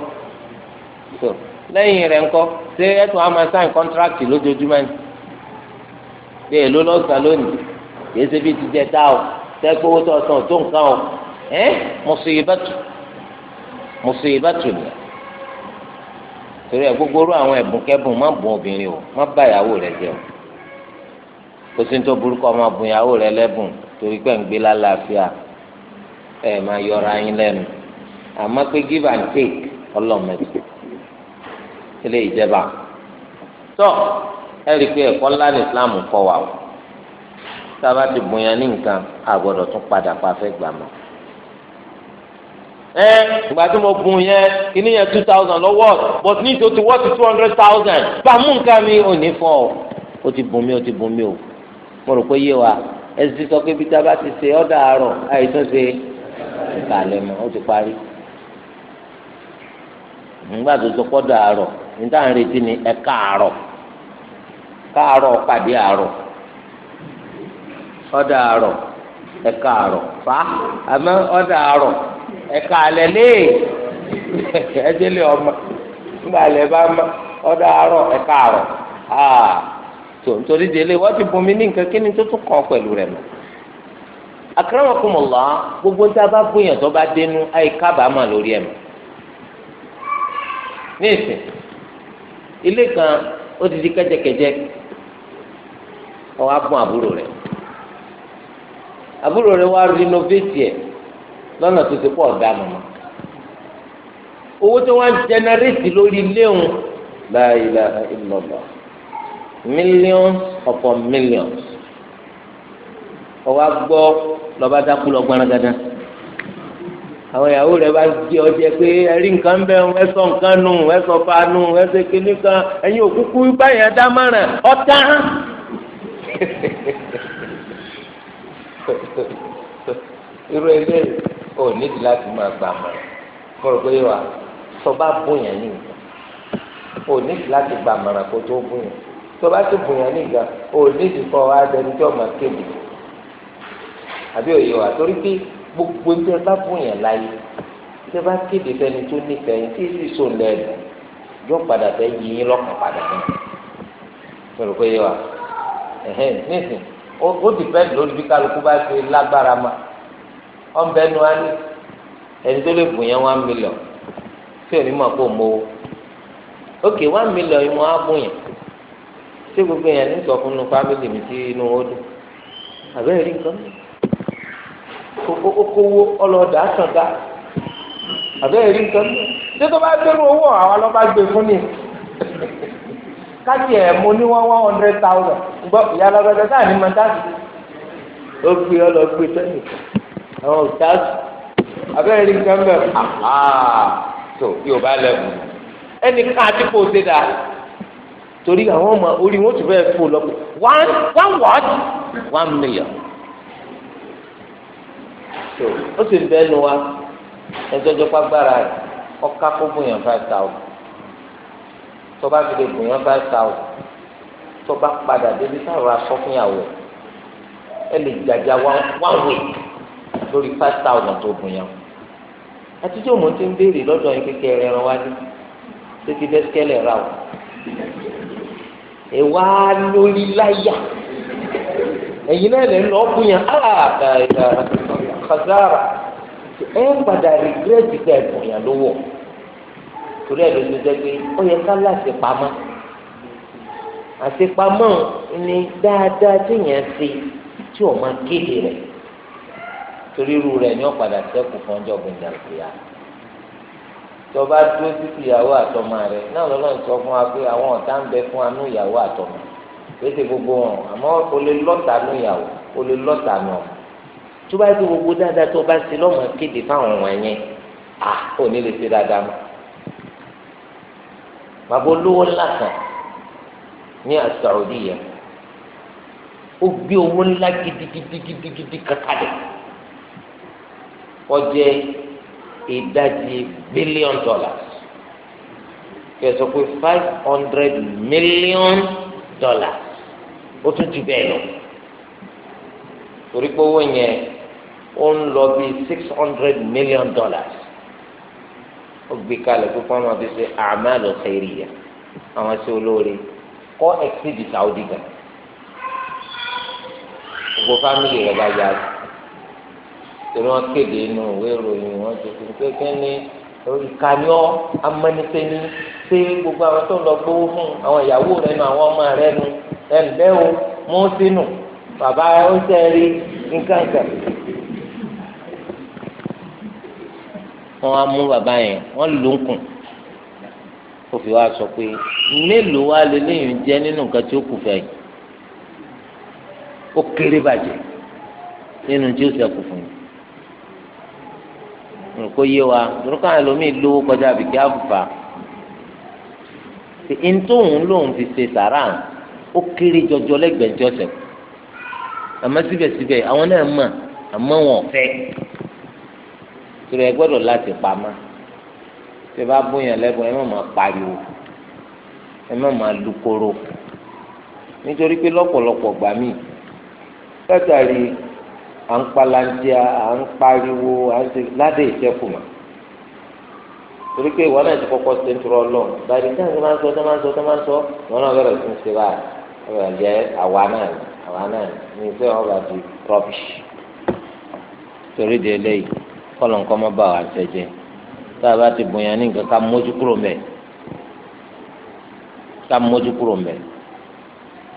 so lẹ́yìn rẹ̀ ńkọ́ ṣé ẹ̀tún àmọ́ sign contract lójoojúmọ́ ni bẹ́ẹ̀ ló lọ́sàn-án lónìí kì í ṣe bí ti jẹ tá o tẹ́gbẹ́ owó tó ọ̀sán tó nǹkan o ẹ́ mùsùlùmí mùsùlùmí ni torí ẹ gbogbo rú àwọn ẹ̀bùn kẹ́bùn má bùn obìnrin o má bá ìyàwó rẹ jẹ o kò sí ní tó burúkọ ọmọ bùn ìyàwó rẹ lẹ́bùn torí pé ń gbé lálàáfíà ẹ̀ máa yọra yín lẹ́nu àmọ́ pé give and take ọlọ́mọdé ilé ìjẹba tó ẹ̀rí pé ẹ̀kọ́ ńlá ní Islam kọ́ wa o sábà ti bóyan ní nǹkan àgbọ̀dọ̀ tún padà pàfẹ́ gbà mọ́ ẹ ìgbà tí mo bùn yẹn kíní yẹn two thousand lọ́wọ́ but ní ìtòtí wọ́ọ̀tì two hundred thousand bàmú nǹkan mi ò ní fọ́ ọ ó ti bùn mí ó ti bùn mí o mo rò pé yé wa ẹsì sọ pé bí tá a bá ti ṣe ọ́dà àárọ̀ àìsàn ṣe ìkàlẹ̀ mọ́ ó ti parí. nígbà tó tó kọ́ dọ̀ àárọ̀ níta ń retí ni ẹ káàárọ̀ káàárọ̀ pàdé àárọ̀ ọ̀dà fa àmọ́ bá aa tó nítorí délé wọ́n ti bomi ní nǹkan kí ni tó pẹ̀lú rẹ̀ mọ́ gbogbo ń tá a bá gbóyàn tó bá dénú lórí ní ìsìn ilé kan ó ti di kẹ́jẹkẹ́jẹ ọwọ́ abọ́n àbúrò rẹ̀ àbúrò rẹ̀ wá rinoveti ẹ̀ lọ́nà tó ti pọ̀ ọ̀dà mọ̀mọ́ owó tó wá jẹnẹrétì lórí léwu la ilaha millions upon millions ọwọ́ agbọ́ lọ́ba dákú lọ gbọ́nrán dáadáa àwọn ìyàwó rẹ bá jẹ ọjẹ pé ẹrí nǹkan bẹ ń ẹsọ nǹkan nù ẹsọ fa nù ẹsẹ kínní kan ẹyin òkúkú báyẹn dámọ̀ràn ọ̀tá. irú ẹgbẹ́ ò nídìí láti máa gbà mọ́ mọ́rọ̀ pé wà sọba bóyá ní ìgbà ò nídìí láti gbà mọ́ràn kó tó bóyá sọba tó bóyá ní ìgbà ò nídìí kọ́ adẹnudọ́ máa àbí òye wà torí pé gbogbo ń tẹ bá fún yẹn láyé tẹ bá kéde fẹni tó nífẹ̀ẹ́ yín tí èsì sọ lẹ́nu yóò padà fẹ́ yí yín lọ́kàn padà náà pẹ̀lú pé yẹ wa ẹ̀hẹ́n nísìn ó ti fẹ́ lórí bí kálukú bá ṣe lágbára ma ọ̀nbẹ nu wa ní ẹni tó lè bù yẹn one million tí ò ní mọ̀ kó mọ́ o ok one million yìí mo á yẹn ṣé gbogbo yẹn ní sọ fún un fámìlì mi tí inú ó dùn àbẹ́rẹ́ nǹkan mìíràn okòwò ọlọ́dà kànga àbẹ́ ẹ̀rí nǹkan tí tó bá gbẹ́rù owó àwọn ọlọ́ba gbé fún ni káàkiri ẹ̀ mo ní wọ́n one hundred thousand gbọ́ ìyá alágbàdá táà ní mọ́tàsí ó gbé ọlọ́gbé tẹ́lẹ̀ àwọn òtàsí àbẹ́ ẹ̀rí nǹkan bẹ́ẹ̀ tó yóò bá lẹ́kùn ẹnì kan àti kò ṣe dáa torí àwọn ọmọ orí wọn ti fẹ́ fò lọ́pọ̀ one one what one million so ó sì bẹ́ẹ̀ nu wa ẹjọ́jọ́ pàgbára rẹ̀ ọ̀ka kó bùyàn five thousand tó bá fi lè bùyàn five thousand tó bá padà débi táwọn aṣọ fún yàwó ẹ lè gbàgbà one week lórí five thousand tó bùyàn àtijọ́ mo ti ń béèrè lọ́dọ̀ yín kékeré ẹran wá ní títí bẹ́sikẹ́lẹ̀ rà o ẹ wá lórí láyà ẹ̀yin náà lè lọ fún yẹn áàdà ìdá kàzára ẹ padà rìgírẹ́tì ká ẹ̀bùn yẹn lówó torí ẹ̀ ló ti jẹ́ pé ó yẹ ká láti pamọ́ àtipamọ́ ni dáadáa tí yẹn ṣe tí o máa kéde rẹ̀ torí irú rẹ̀ ni ó padà sẹ́kù fún ọjọ́ gbẹ̀ngàn ìyá tó bá dúró títí ìyàwó àtọmọ rẹ̀ náà lọ́nà sọ fún wa pé àwọn ọ̀tá ń bẹ fún anú ìyàwó àtọmọ kéde gbogbo wọn àmọ́ o lè lọ́ta nù ìyàwó o lè lọ́ta nù ọ tó bá ti gbogbo dáadáa tó bá ti lọ́mọ kéde fáwọn wọn yẹn à ò ní lè ṣe dáadáa mọ́ bàbá olówó ńlá kan ní Saudi yẹn ó gbé owó ńlá gidigidigidigidi kankalẹ̀ kọjá ìdajì bílíọ̀n dọ́là kẹsàn-án pé five hundred million dollars ó tún ti bẹ́ẹ̀ lọ torí pé owó yẹn ó ń lọ bí six hundred million dollars ó gbé kalẹ̀ pé fọ́nmọ́ fi ṣe àmàlù xèrìyà àwọn sí olóore kọ́ exceed Saudi gan gbogbo fámìlì rẹ̀ bá yá torí wọ́n kéde inú ìwé ìròyìn wọn ti fi kékeré ní ìkànnìọ́ amẹ́nitẹ́ni ṣé gbogbo àwọn tó ń lọ gbowó fún àwọn ìyàwó rẹ̀ nu àwọn ọmọ rẹ̀ nu ẹnlẹ́ o mú sínú bàbá ó sẹ́ẹ̀rí nǹkan kan. wọ́n á mú bàbá yẹn wọ́n lù ú kùn ó fi wá sọ pé mélòó wá lélẹ́yìn jẹ́ nínú nǹkan tí ó kù fẹ́ yìí ó kéré bàjẹ́ nínú tí ó sẹ́kù fún yìí nǹkó yé wa dùrúkà ẹlòmíì lówó kọjá àbíkí àbùfà ntòun lòun fi ṣe sàrà hàn ó kéré jọjọ lẹ́gbẹ̀ẹ́ tí ọ̀sẹ̀ kù àmọ́ síbẹ̀síbẹ̀ àwọn náà mọ̀ àmọ́ wọn fẹ́ tìrẹ̀ gbọ́dọ̀ láti pamọ́ tí ẹ bá bóyá lẹ́bùn ẹ má máa pariwo ẹ má máa lukoro nítorí pé lọ́pọ̀lọpọ̀ gbà mí látàrí à ń palantia à ń pariwo à ń ṣe ládé ìṣẹ́kùmá torí pé ìwọ náà ti kọ́kọ́ ṣe ń turọ́ lọ báyìí tí wọ́n máa ń sọ tí wọ́n máa ń sọ tí wọ́n máa ń sọ ìwọ náà bẹ̀rẹ̀ sí ń ṣe báyìí ọba jẹ́ àwa náà àwa náà ní ìfẹ́ wọn bá di rubbish torí de eléyìí kọ́lọ̀ nǹkan má bà wá jẹjẹ tá a bá ti bonya ní nǹkan ká mójú kúrò mbẹ ká mójú kúrò mbẹ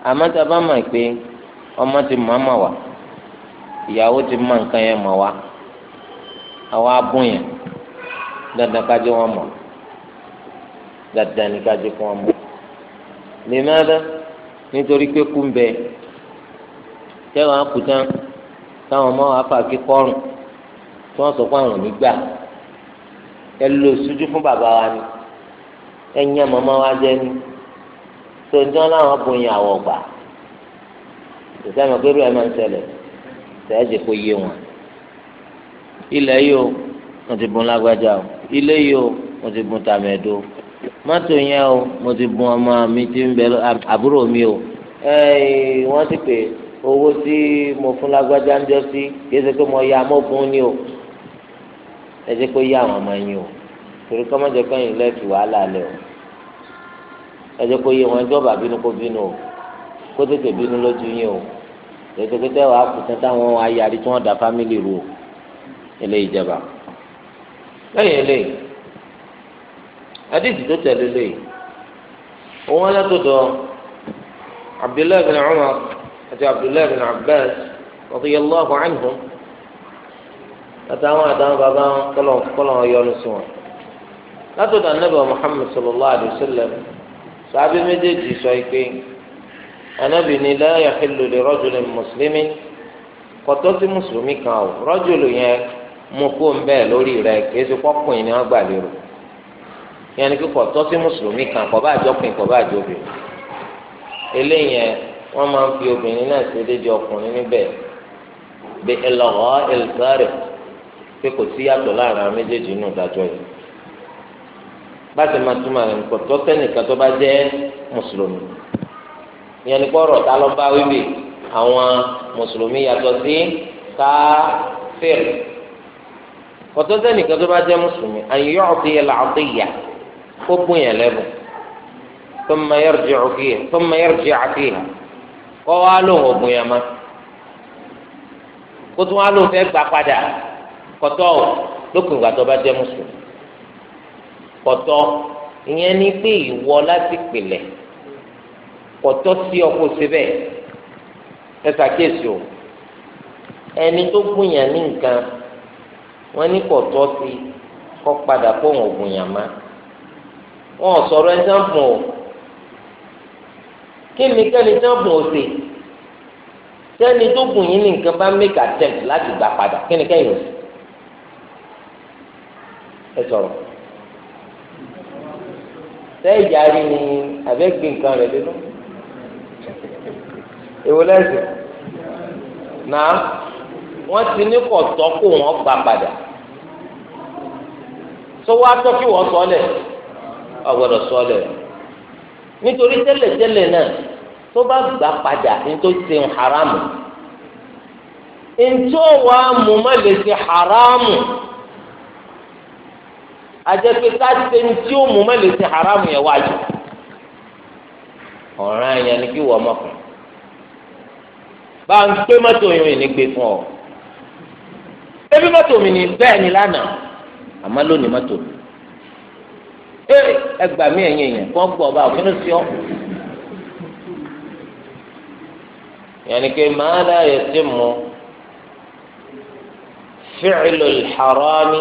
àmọ́ tá a bá mọ̀ pé ọmọ ti mọ̀ ọ́ mọ̀ ìyàwó ti mọ̀ nǹkan yẹn mọ̀ wá àwọn abúnyẹ dandan kájọ wọn mọ̀ dandan ni kájọ kí wọn mọ̀ lè má dán nítorí pé kú ń bẹ tẹ́wọ̀n á táwọn ọmọ wa fà kí kọ́rùn tí wọ́n sọ pé àwọn ò ẹ lò sójú fún bàbá wa ni ẹ yan màmá wa jẹ ni tó ń tán láwọn gbà ìsáyẹ̀mọ̀ pé rú ẹ máa ń ṣẹlẹ̀ tẹ́ẹ̀ jẹ́ kó yé wọn ilẹ̀ yìí o wọ́n ti bùn lágbájá o ilé yìí o wọ́n ti bùn tàmẹ́dó mọ́tò yẹn o mo ti bùn ọmọ mi ti ń bẹ àbúrò mi o wọ́n ti pè owó tí mo fún lágbájá ń jọ sí kí ẹ ṣe pé mo ya amókun ni o ẹ ṣe pé yá àwọn ọmọ yín o torí kọ́ mọ́jọ kọ́ yín wàhálà lẹ̀ o ẹ jẹ́ kó yé wọn ẹjọ́ bàbí inú kó bínú o kó tètè bínú lójú yín o ètò pété wàá kù tán táwọn ayárí tí wọ́n da fámìlì rú o eléyìí jẹba lẹ́yìn eléyìí àdéhùn tó tẹ̀lé lẹ́yìn òun alátọ̀dọ̀ abdullahi bin umar àti abdullahi bin abbas radiyallahu anhum àtàwọn àtàwọn bàbá kọlọ̀ kọlọ̀ yọnu sí wọn látọ̀dọ̀ anabi muhammad sallallahu alayhi wa sallam sàbí méjèèjì sọ pé anabi ni la yahillu li rajulin muslimin kọ̀tọ́ sí mùsùlùmí kan o rọ́jòlù yẹn mú kó ń bẹ́ẹ̀ lórí rẹ̀ kì í ṣe pọ́kùnrin ni wọ́n gbà lérò yẹn ni kíkọ tọ́ sí mùsùlùmí kan kọ́ bá àjọpin kọ́ bá àjọpin eléyẹn wọ́n máa ń fi obìnrin náà ṣe déédé ọkùnrin níbẹ̀ bí ẹlọ́wọ́ ẹlẹ́sàrẹ̀ pé kò sí yàtọ̀ láàrin àwọn méjèèjì nù dájọ́ yìí bá ti máa túmọ̀ rẹ̀ nǹkan tó sẹ́nìkan tó bá jẹ́ mùsùlùmí yẹn ni kọ́ ọ̀rọ̀ ta ló bá wíwì àwọn mùsùlùmí yàtọ̀ sí káfíìrì kò tó sẹ́nìkan tó bá jẹ́ mùsùlùmí àyè yọ̀ọ̀tì ó bùn yẹn lẹ́bùn thumma yarji'u fiha thumma yarji'u fiha kọ́ wá lóhùn ó bùn yẹn mọ́ kó tún wá lóhùn fẹ́ gbà padà kọ́tọ́ ò lókùn ìgbà tó bá jẹ́ mùsùlùmí kọ́tọ́ ìyẹn ní pé ìwọ láti pìlẹ̀ kọ́tọ́ sí ọkọ̀ síbẹ̀ ẹ ṣàkíyèsí o ẹni tó bùn yẹn ní nǹkan wọ́n ní kọ́tọ́ sí kọ́ padà kó òun yẹn mọ́. wọn ò sọ̀rọ̀ ẹni tí kí ni tó bá make attempt láti gbà padà kí ni kẹ́yìn ẹ sọ̀rọ̀ ni àbẹ́gbé nǹkan rẹ̀ lẹ́nu èwo na náà wọ́n ti ní kọ̀tọ́ kó wọ́n gbà padà sọ wá ọgbọ́dọ̀ sọlẹ nítorí tẹ́lẹ̀tẹ́lẹ̀ náà tó bá gbà padà nítorí ṣe ń haramu ntọ́ wa mú má lè ṣe haramu àjẹpẹ ká ṣe ntí ó mú má lè ṣe haramu yẹn wájú ọ̀ràn yẹn ni kí wọ́n mọ̀kàn bá ń gbé mọ́tò yẹn ní gbé fún ọ ebi mọ́tò mi ni bẹ́ẹ̀ ni lánàá àmọ́ lónìí mọ́tò mi ẹgbà mí ẹ̀yìn èèyàn kọ́ gbọ́ ọba òfin ló sí ọ́. yẹnni pé màá la yẹ sí mu fìcìlù xarami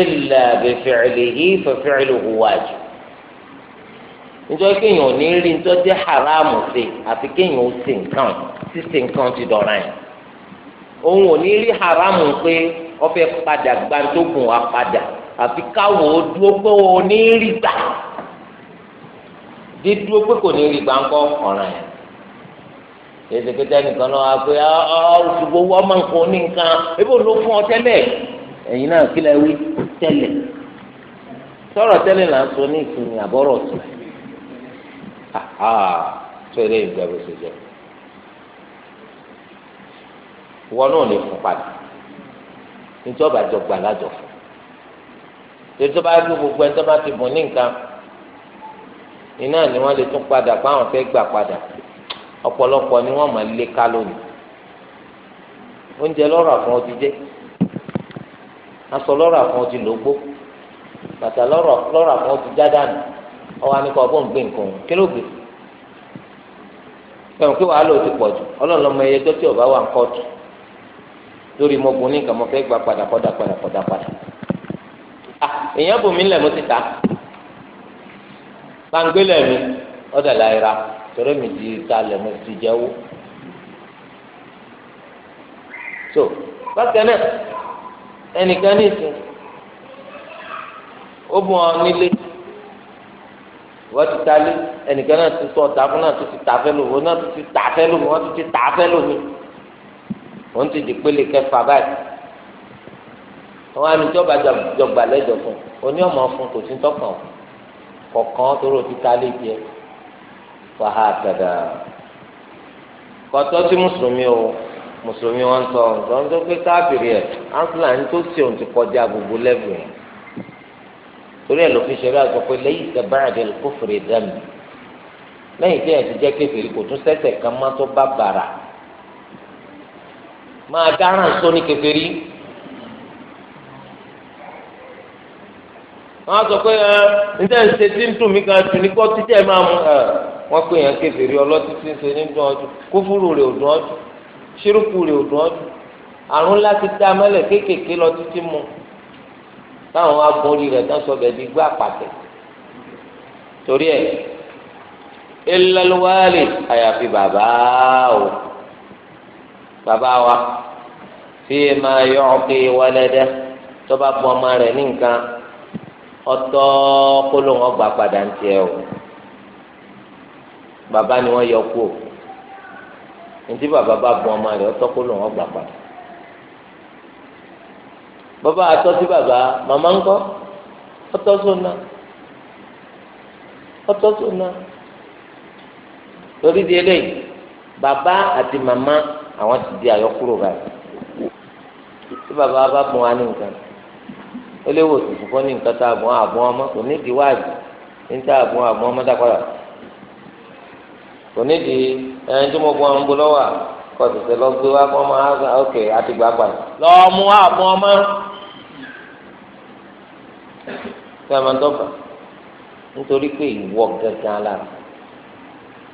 ilà bẹ fìcìlì yìí fẹ fìcìlù wájú. nítorí kéèyàn ò ní rí nítorí haramu sí àfi kéèyàn ó sì nǹkan sí sí nǹkan ti dọ̀ra yẹn. òun ò ní rí haramu pé ọ̀fẹ́ padà gbàǹtógùn wa padà. àfi káwọ dúró pé o ní rí gbà pé kò ní rí gbà ńkọ ọ̀ràn yẹn nìkan náà wá pé ọ̀ṣùgbọ́ wọ́n máa ń kó ní nǹkan ebó ló ọ tẹ́lẹ̀ ẹ̀yin náà kílẹ̀ wí tẹ́lẹ̀ sọ̀rọ̀ tẹ́lẹ̀ là ń sọ ní ìsinmi tó ìjọba wọn náà lè fún padà lájọ fún tètè tó bá gbé gbogbo ẹ tó bá ti bùn ní nǹkan iná ni wọ́n lè tún padà pa àwọn fẹ́ gbà padà ọ̀pọ̀lọpọ̀ ni wọ́n máa lé ká lónìí oúnjẹ lọ́rọ̀ àfọ̀n ti jẹ́ aṣọ lọ́rọ̀ àfọ̀n ti lògbó bàtà lọ́rọ̀ àfọ̀n ti já dànù ọwọ́ anìkọ́ ọgbọ́n gbé nǹkan kí ló gbé fẹ́ràn pé wàhálà ò ti pọ̀ jù ọlọ́run lọ́mọ ẹyẹ tó tí ò bá wà ń kọ́ọ̀tù lórí mo bùn ní nǹkan mo fẹ́ gbà padà kọ́dà padà kọ́dà padà Ah, èèyàn bò mí lẹ̀ mo ti ta gbangbélé mi ọ̀dà láyìíra torí mi ti ta lẹ̀ mo ti jẹ́ wó. so bákan náà ẹnìkan ní ìsìn ó bù ọ nílé wọ́n ti ta lé ẹnìkan náà ti sọ ọ̀tá fún náà tó ti ta fẹ́ lómi wọ́n náà tó ti ta fẹ́ lómi wọ́n tó ti ta fẹ́ lómi wọ́n ti di pélé kẹfà báyìí àwọn àlùjọba jọgbà lẹjọ fún oní ọmọ fún kò sí tọkàn kọkàn tóró títa lè jẹ wàhálà tẹdà kọtọ sí mùsùlùmí o mùsùlùmí wọn sọ nǹkan tó pé káàbìrì ẹ ánsìláàní tó sì òun ti kọjá gbogbo lẹ́bù yẹn torí ẹ ló fi ṣeré àti pé lẹ́yìn ìtẹ̀báradì kò fèrè dẹ́mi lẹ́yìn tí ẹ ti jẹ́ kékeré kò tún sẹ́sẹ̀ kan má tó bá bàrà máa dáràn sóní kékeré. wọn á sọ pé ẹ ǹjẹ́ ń ṣe tí ń dùn mí kan dùn ní kó títí ẹ máa mú ẹ wọn pè yàn kékeré ọlọ́tí tí ń ṣe ní dùn ọdún kófúrú rẹ̀ ò dùn ọdún ṣírùkù rẹ̀ ò dùn ọdún àrùn ńlá ti dá mẹ́lẹ̀ kéékèèké lọ títí mu táwọn agbórí rẹ̀ tán sọ bẹ̀ẹ́ di gbé àpàtẹ torí ẹ̀ ilẹ̀lúwálì àyàfi bàbá o bàbá wa fi máa yọ ọ̀pẹ wọlé dẹ́ tó bá ọmọ rẹ̀ ní nǹkan ọ̀tọ̀ kólóhùn ọgbà padà ń tiẹ̀ o bàbá ni wọ́n yọ kú o ntí bàbá bá bu ọmọ rẹ̀ ọ̀tọ̀ kólóhùn ọgbà padà bàbá atọ́ sí bàbá màmá ńkọ́ ọ̀tọ̀ sóná ọ̀tọ̀ sóná torí di eléyìí bàbá àti màmá àwọn ti di àyọkúrò báyìí tí bàbá bá bu wa ní nǹkan ó léwò tuntun kọ́ ní nǹkan tá àbọ̀n àbọ̀n ọmọ kò ní di wáàdì ní tá àbọ̀n àbọ̀n ọmọ dákọ̀rà kò ní di ẹni tí mo bọ́ ọmọ lọ́wọ́ kọ́ tètè lọ gbé wá kọ́ máa ń ok àti gbàgbà lọ́ọ́ mú àbọ̀n ọmọ kí a máa dọ́gba nítorí pé ìwọ gẹ́gẹ́ lára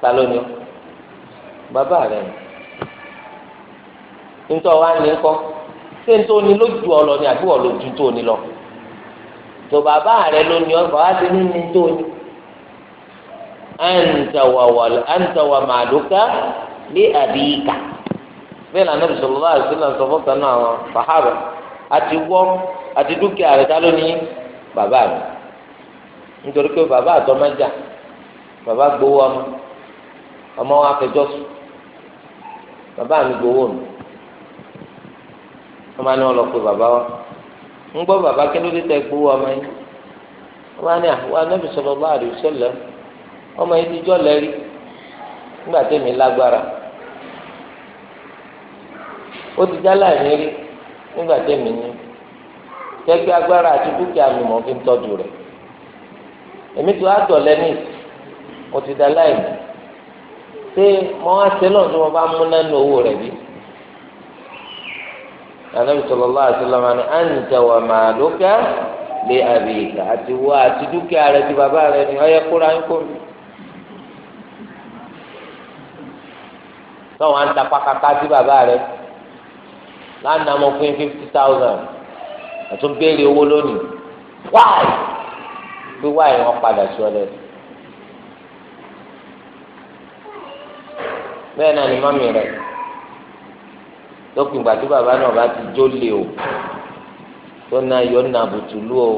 ta ló ní ọ bàbá rẹ ní nítorí wá ní kọ́ ṣé nítorí ní lójú ọ lọ ni àbí wọ́n lójú tó ní lọ tó bàbá rẹ ló ní ọgbà wá sí nínú tó ní. anta wa màlúkà lé àbíkà bẹ́ẹ̀ lànà bisalòlá àdìsílà sọ fọ́tà náà àwọn sàhábà àti wọ́ àti dúkìá rẹ̀ ta ló ní bàbá mi nítorí pé bàbá àtọ́mọ́jà bàbá gbowó ọmọ ọmọ wa fẹjọ́ sùn bàbá mi gbowó mi wọ́n máa wọn lọ pé bàbá wa ń gbọ́ bàbá kí ló dé tẹ gbowó ọmọ yìí wọ́n á ní àwọn anábì sọ̀rọ̀ bá àdìo sẹ́lẹ̀ ọmọ yìí ti jọ́ lẹ́rí nígbà tẹ̀mí lágbára ó ti dá láìní rí nígbà tẹ̀mí ní tẹ́gbẹ́ agbára àti dúkìá mi mọ̀ fi ń tọ́jú rẹ̀ èmi tó àtọ̀ lẹ́ní mo ti dá láìní ṣé mo á sẹ́lọ̀ tí mo bá mú nánú owó rẹ̀ bíi anabi sallallahu alaihi wasallam ni anta wa maluka li abika àti wá àti dúkìá rẹ ti bàbá rẹ ni ọyẹ kóra ń kó mi. sọ̀wọ́n à ń ta pákáká sí bàbá rẹ lánàá mo fún fifty thousand àtún béèrè owó lónìí wáì bí wáì wọn padà sọ lẹ. bẹ́ẹ̀ náà ni mọ́mì rẹ̀ lópin ìgbà tí bàbá náà bá ti jólè o tó na yọ na bùtùlù o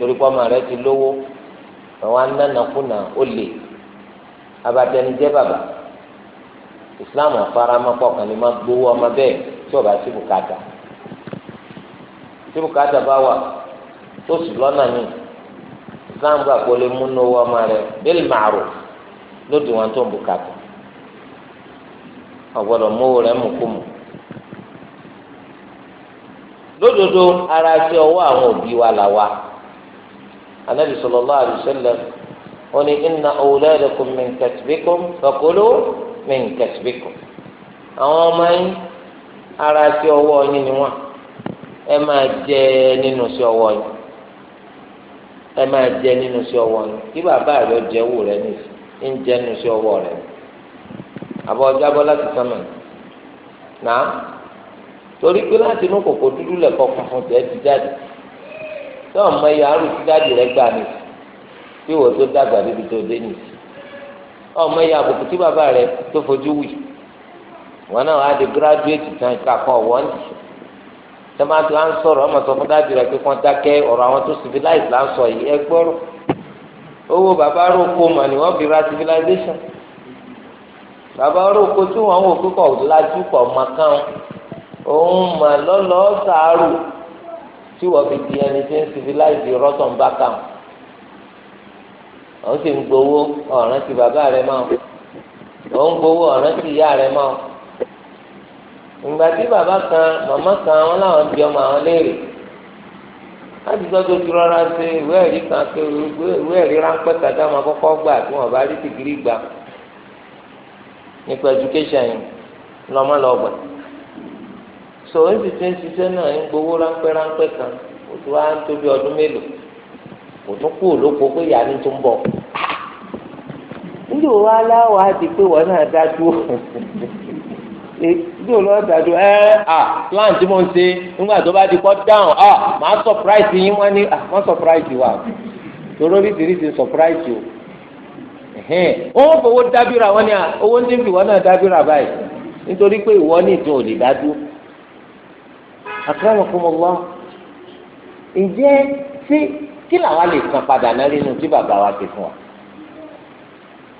torí pọ́nmà rẹ ti lówó àwọn anánakúnà ó lè abatẹnijẹ bàbá islam afaramapọ kan ní ma gbowó ọmọ bẹ́ẹ̀ tí o bá sí bùkátà tí bùkátà bá wà tó sì lọ́nà mi islam gbà kó lè múnú owó ọmọ rẹ bẹ́ẹ̀ màrú lódì wọn tó ń bùkátà ọ̀gbọ́dọ̀ mówó rẹ mú kú mu. lódodo ara ti ọwọ àwọn òbí wa là wa anabi sallallahu alaihi Onye ina ní inna awladakum min kasbikum fakulu min kasbikum àwọn ọmọ ara ti ọwọ yín ni wọ́n ẹ máa jẹ nínú sí ọwọ́ yín ẹ máa jẹ nínú sí ọwọ́ yín kí bàbá rẹ jẹ wò rẹ ní ń jẹ nínú sí ọwọ́ rẹ àbọ̀ ọjọ́ láti torí pé láti inú kòkó dúdú lẹ̀kọ́ funfun tẹ̀ ti jáde tó ọmọ ẹ̀yà àrùn ti jáde rẹ̀ gbà ní bí wò tó dàgbà níbi tó dé nì ọmọ ẹ̀yà àbùkù tí bàbá rẹ̀ tó fojú wì wọn náà wàá di gíráduétì tán ìkàkọ́ wọ́n dì tẹ́mátì à ń sọ̀rọ̀ ọmọ sọ fún dájú rẹ̀ pé kàn dákẹ́ ọ̀rọ̀ àwọn tó civilize là ń sọ yìí ẹ gbọ́rọ̀ owó bàbá roko mà ni wọ́n fi ra civilization bàbá roko tí wọ́n wò pé lajú kọ̀ mọ̀ kán òun mà lọ́lọ́ sàárù tí wọ́n fi di ẹni tí ń civilize rọ́tọ̀n bá kàn ó sì ń gbowó ọ̀ràn ti bàbá rẹ̀ máa ó ń gbowó ọ̀ràn ti ìyá rẹ̀ máa ìgbà tí bàbá kan màmá kan wọn làwọn bí ọmọ àwọn léèrè láti sọ tó ti rọra ṣe ìwé ẹ̀rí kan pé ìwé ẹ̀rí ráńpẹ́ kàtà máa kọ́kọ́ gbà tí wọ́n bá rí tìgírí gbà nípa education yìí so ó sì ń ṣiṣẹ́ náà ń gbowó kan ó ti wá ń tóbi ọdún mélòó kò tún kú òlóko pé ìyá ni tó ń bọ̀ nílò wa láwa di pé wọn náà dájú dájú plan tí mo ń ṣe nígbà tó bá di kọ́ dáhùn à máa surprise yín wọ́n ní wọ́n surprise wa ti surprise o wọ́n fowó dábìrà wọ́n ní owó ń dín bí wọ́n náà dábìrà báyìí nítorí pé ní akramakumullah ǹjẹ́ tí kí làwa lè san padà náà nínú tí bàbá wa ti fún wa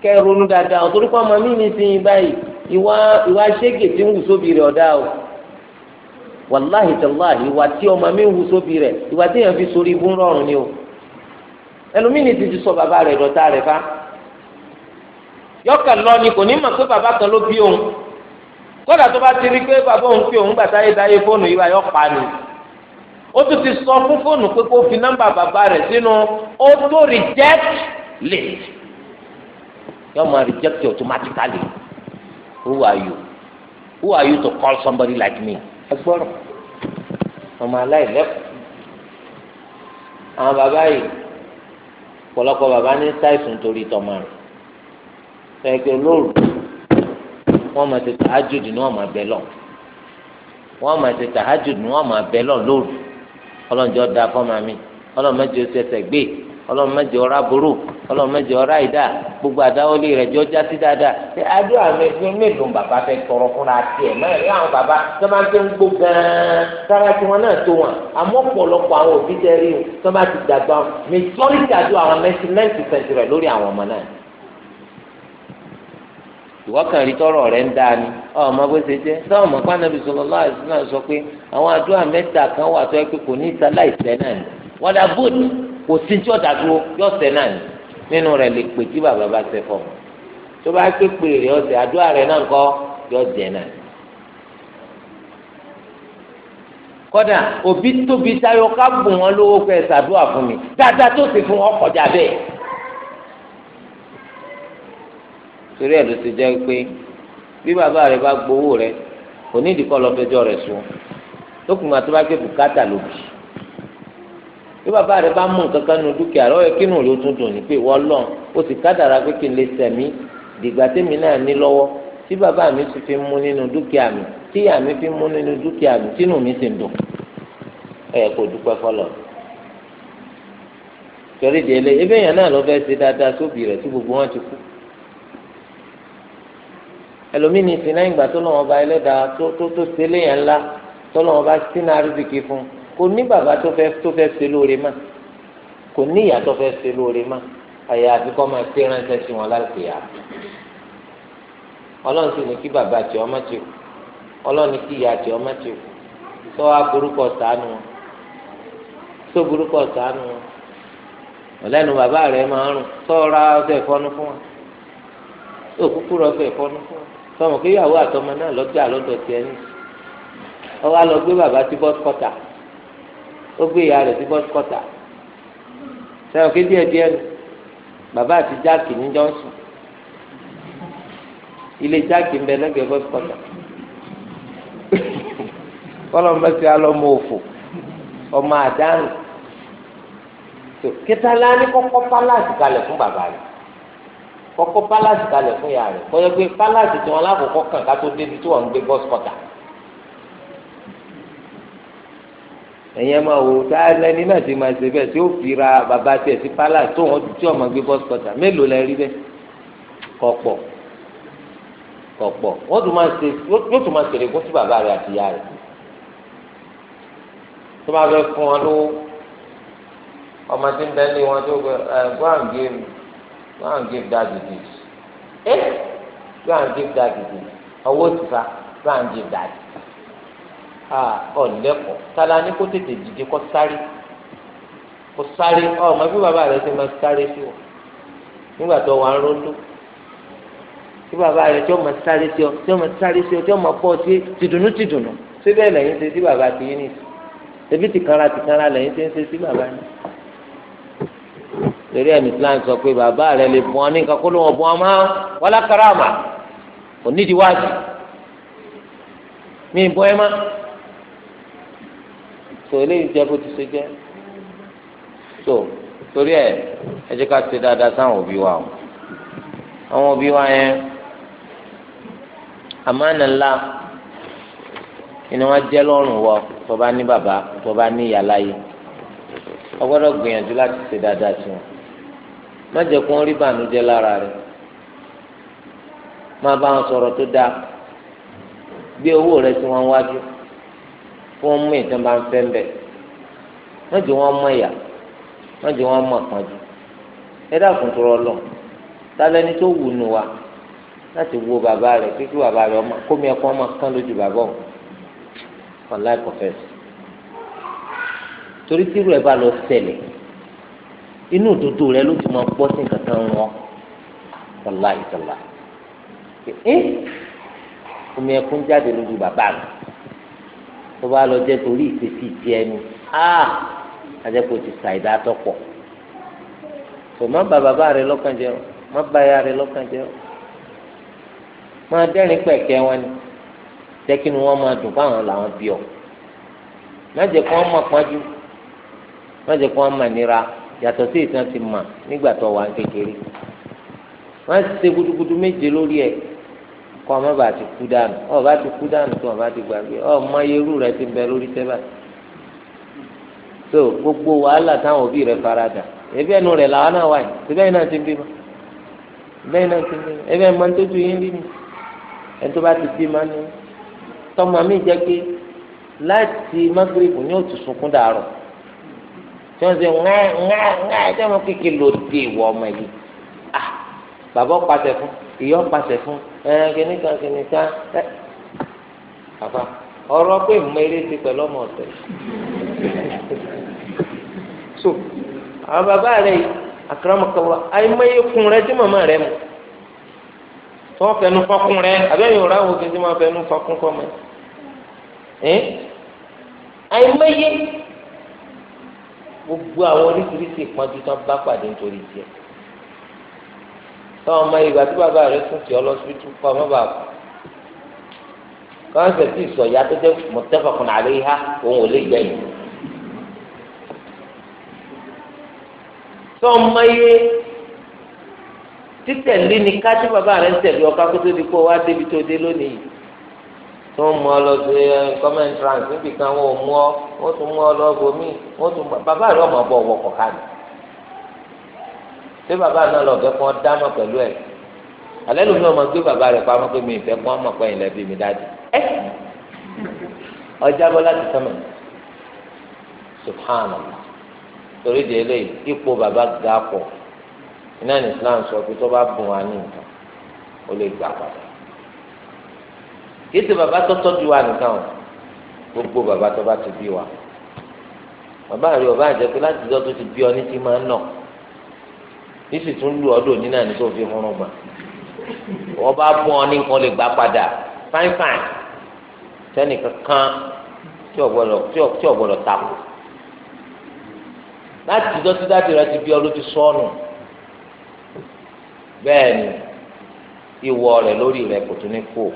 kẹ ronú dáadáa o torí pé ọmọ mi ní sin báyìí ìwà ìwà ṣégè tí ń wù sóbì rẹ̀ ọ̀dà o wàláhì tàláhì ìwà tí ọmọ mi ń wù sóbì rẹ̀ ìwà tí èèyàn fi sórí ibú ń rọrùn ni o ẹlòmíì ti ti sọ bàbá rẹ̀ dọ̀tá rẹ̀ fa yọkàn lọ ni kò ní mọ̀ pé bàbá kan ló bí òun kódà tó bá ti rí pé bàbá òun pé òun gbàtà yé dáyé fóònù yìí wá yọ pa ni ó tún ti sọ fún fóònù pé kó fi nọ́mbà bàbá rẹ̀ sínú auto reject list yọ máa reject automatically who are you who are you to call somebody like me ẹ gbọ́rọ̀ ọmọ aláìlẹ́kọ̀ọ́ àwọn bàbá yìí pọ̀lọpọ̀ bàbá ní sáìsùn torí tọmọ rẹ̀ ẹgbẹ́ olóòrùn wọ́n máa ti tahajjud ni wọ́n máa bẹ lọ wọ́n máa ti tahajjud ni wọ́n máa bẹ lọ lóru ọlọ́njọ́ da fọ́mà mi ọlọ́mọdé ṣẹṣẹ gbé ọlọ́mọdé ọ̀rá burú ọlọ́mọdé ọ̀rá ìdá gbogbo àdáwọlé rẹ̀ jọ já sí dáadáa ṣé àdúrà mẹ́fẹ́ mélòó bàbá fẹ́ tọrọ fúnra tiẹ̀ mẹ́rin àwọn bàbá tó máa ń fẹ́ ń gbó gan-an sára tí wọ́n náà tó wọn àmọ́ pọ̀lọpọ̀ àwọn òbí tẹ́ o tó ti dàgbà mẹjọ́rìtì àdúrà àwọn mẹ́sìmẹ́sì fẹ́ntì lórí àwọn ọmọ náà ìwọ́kàn rí tọrọ rẹ̀ ń dáa ni ọmọ bó ṣe jẹ́ sọ́ọ̀mù pàǹdàbí sallallahu alaihi wasallam sọ pé àwọn àdúrà mẹ́ta kan wà tó yẹ pé kò ní ìsàlá ìsẹ́ náà ni wọ́n dà bóòdù kò sí tí ọ̀dà dúró yóò sẹ́ náà ni nínú rẹ̀ lè pè tí bàbá bá ṣe fọ́ tó bá pé pè rẹ̀ ọ̀sẹ̀ àdúrà rẹ̀ náà kọ́ yóò jẹ́ náà kódà òbí tóbi táyọ ká bùn wọn lówó fẹ́ ṣàdúrà fún mi dáadáa tó sì fún ọkọjà bẹ́ẹ̀ torí ẹ̀ ló ti jẹ́ pé bí bàbá rẹ bá gbowó rẹ kò ní ìdíkọ́ lọ fẹjọ́ rẹ sùn lókùnrin àti bá gbé bùkátà ló bì bí bàbá rẹ bá mú nǹkan kan nu dúkìá rẹ ọ̀yẹ́ kínú rẹ ó tún dùn ní pé ìwọ lọ́n ó sì kádàrá pé kí n lè sẹ̀mí dìgbà tèmi náà ní lọ́wọ́ tí bàbá mi sì fi mú nínú dúkìá mi tíyà mi fi mú nínú dúkìá mi tínú mi sì ń dùn ẹ̀ kò dúpẹ́ fọlọ́ọ̀ torí di ẹlẹ náà lọ fẹ́ ṣe dáadáa sóbì rẹ̀ tí gbogbo wọn ti kú ẹlòmíì ní ìsìn lẹ́yìn ìgbà tó lọ́wọ́ bá ẹlẹ́dàá tó tó tó ṣe léyìn ńlá tó lọ́wọ́ bá sínú àrídìkì fún kò ní bàbá tó fẹ́ tó fẹ́ ṣe lóore mà kò ní ìyá tó fẹ́ ṣe lóore mà àyà àti kọ́ máa ṣe ránṣẹ́ sí wọn láti yà ọlọ́run sì ní kí bàbá tí ọmọ tí o ọlọ́run ní kí ìyá tí ọmọ tí o tó wá burúkọ sànù wọn tó burúkọ sànù wọn ọlẹ́nu bàbá rẹ̀ máa ń rùn tó ra ọṣẹ ìfọnu fún wọn tó kúkú rọ ọṣẹ ìfọnu fún wọn sọmọ pé ìyàwó àtọmọ náà lọ́jà lọ́dọ̀ tiẹ̀ ní ọwọ́ lọ gbé bàbá sí bọ́s kọ́tà ó gbé ìyá rẹ̀ sí bọ́s kọ́tà sọmọ pé díẹ̀ díẹ̀ ni bàbá àti jáàkì ní jọ́nsùn ilé jáàkì ń bẹ lẹ́gbẹ̀ẹ́ bọ́s kọ́tà kọlọmọba ti alọmọ òfò ọmọ àdánù kẹta la ní kọ́kọ́ pálásì kalẹ̀ fún bàbá rẹ̀ kọ́kọ́ palace kalẹ̀ fún ìyá rẹ̀ kọ́yọ́ pé palace tí wọn lákòókò kàn ká tó débi tí wọ́n ń gbé bọ́s kọ́tà. ẹ̀yẹ́ máa wò tá a lẹ́ni náà ti máa ṣe bẹ́ẹ̀ tí ó fi ra bàbá tiẹ̀ sí palace tó wọn tí wọ́n máa gbé bọ́s kọ́tà mélòó lẹ rí bẹ́ẹ̀ kọ̀pọ̀ kọ̀pọ̀ wọ́n tún máa ṣe yóò tún máa ṣèlè fún sí bàbá rẹ̀ àti ìyá rẹ̀ tó máa fẹ́ fún wọn lówó ọmọ tí ń bẹ́ẹ̀ lé wọn tó gbọ́ àǹgé mi go and give daddy this eh go and give daddy this owó ti fa go and give daddy ah ọ̀lẹ́kọ̀ọ́ tala ni kó tètè dìde kó sáré kó sáré ọmọ bí bàbá rẹ ṣe máa sáré sí ọ nígbà tó wà ń ròndó tí bàbá rẹ tí ó máa sáré sí ọ tí ó máa sáré sí ọ tí ó máa pọ̀ sí tìdùnnú tìdùnnú síbẹ̀ lẹ́yìn ṣe sí bàbá tìyín nìyí tẹ̀bí tìkanra tìkanra lẹ́yìn ṣe ń ṣe sí bàbá yín torí ẹni islam sọ pé bàbá rẹ lè bọ́n ní nǹkan kó ló wọ́n bọ́n ọmọ wọlé karama kò nídìí mi bọ́ ẹ má tó eléyìí jẹ́ bó ti ṣe jẹ́ tó torí ẹ ẹ jẹ́ ká ṣe dáadáa sáwọn òbí wa o àwọn òbí wa yẹn àmánà ńlá ìní wọn jẹ́ lọ́rùn wọ tó bá ní bàbá tó bá ní ìyá láyé ọgbọ́dọ̀ gbìyànjú láti ṣe dáadáa sí wọn má jẹ́ kó ń rí bànújẹ́ lára rẹ̀ má bá wọn sọ̀rọ̀ tó dáa gbé owó rẹ̀ tí wọ́n wájú fún mú ìtàn bá ń fẹ́ ń bẹ̀ má jẹ́ wọ́n mọ ìyà má jẹ́ wọ́n mọ àpọ́njú ẹ dákun tó rọlọ́ tálẹ́ni tó wù nù wa láti wo bàbá rẹ̀ kíkú bàbá rẹ̀ ọmọ kómi ẹ̀kọ́ ọmọ kán lójú bàbá òun ọ̀la ẹ̀kọ́ fẹ́ẹ́ torí tírú ẹ̀ bá lọ ṣẹlẹ̀ inú òtútù rẹ ló ti máa gbọ́ sí nǹkan kan wọn tọ́lá ìtọ́lá ẹ omi ẹkún jáde lójú bàbá mi tó bá lọ jẹ́ torí ìfèsì ìdí ẹnu ajẹ́pọ̀ ti sa ìdá tọ́pọ̀ tò má ba bàbá rẹ lọ́kàn jẹ́ má ba ya rẹ lọ́kàn jẹ́ o dẹ́rìn pẹ̀kẹ́ wọn ni jẹ́ kí ni wọ́n máa dùn fáwọn làwọn bí ọ má jẹ́ kí wọ́n máa pọ́njú má jẹ́ kí wọ́n máa nira yàtọ̀ sí ìtàn ti mà nígbà tó wà kékeré wọ́n ti ṣe gudugudu méje lórí ẹ̀ kọ́ ọ má bàa ti kú dànù ọ bá ti kú dànù tó ọ bá ti gbàgbé ọ mọ irú rẹ ti bẹ lórí tẹ́bà so gbogbo wàhálà táwọn òbí rẹ faradà ebi ẹnu rẹ làwọn náà wáyé síbẹ̀ yìí náà ti ń bímọ bẹ́ẹ̀ náà ti ń bímọ ebi ẹnu máa ń tójú yín rí mi ẹni tó bá ti bímọ ni tọmọ mi jẹ́ pé láti magreth ní òtún sunkún dàrọ̀ tí wọ́n ṣe ńgá ńgá ńgá ẹ̀ tẹ́wọ́n kékeré ló dé ìwọ ọmọ yìí ah bàbá pàṣẹ fún ìyá pàṣẹ fún ẹ kìnnìkan kìnnìkan ẹ àfa ọ̀rọ̀ pé mẹ́rin ti pẹ̀lú ọmọ ọ̀tẹ̀ so àwọn bàbá rẹ àkàràmọ̀kọ̀wá àìmọye kun rẹ tí màmá rẹ mu tí wọ́n fẹnu fọkún rẹ àbẹ́yìn òrà wo kìí tí wọ́n fẹnu fọkún kọ́ mọ́ ẹ àìmọye gbogbo àwọn oríṣiríṣi ìpọ́njú tán bá pàdé nítorí tiẹ̀ táwọn ọmọ ìgbà tí bàbá rẹ̀ sùn tí ọlọ́sibítù kọ́ ọmọ bàbá kọ́ ẹsẹ̀ tí ìsọ̀ ya tó jẹ́ mọ̀tẹ́fọ̀kùnrin àlẹ́ ha òun ò lè gbẹ̀yìn. tọ́ ọmọ yé títẹ̀lé ni ká tí bàbá rẹ̀ ń tẹ̀lé ọkọ akótó di kó wá débi tó dé lónìí tí wọ́n mú ọ lọ sí common eh, trans níbi kan wọ́n mú ọ wọ́n tún mú ọ lọ bomi wọ́n tún bàbá rẹ̀ ọmọ bọ̀ wọ kọ̀ọ̀ká ni ṣé bàbá náà lọ fẹ́ kọ́ dáná pẹ̀lú ẹ̀ alẹ́ lómi ọmọ gbé bàbá rẹ̀ pamọ́ pé mi ìfẹ́ kọ́ ọmọ pẹ́yìn lẹ́bi mi dájú ẹ́ ọjà bọ́ láti sọ́mọ̀ subhanallah torí de eléyìí ipò bàbá ga pọ̀ iná ní Islam sọ pé tó bá bùn wa ní nǹkan ó lè gbà padà kìí ṣe bàbá tọ́tọ́ ju wa nìkan o gbogbo bàbá tó bá ti bí wa bàbá rẹ ọba àjẹ pé láti ìjọ tó ti bí ọ ní ti máa ń nà níṣì tún lù ọdún òní náà ní tó fi hurun gbà wọn bá bọ ọ ní nǹkan lè gbà padà fáin fáin sẹ́nìkan kan tí ò gbọ́dọ̀ takò láti ìjọ tó dájú rẹ ti bí ọ ló ti sọnù bẹ́ẹ̀ ìwọ rẹ lórí rẹ kò tún ní kú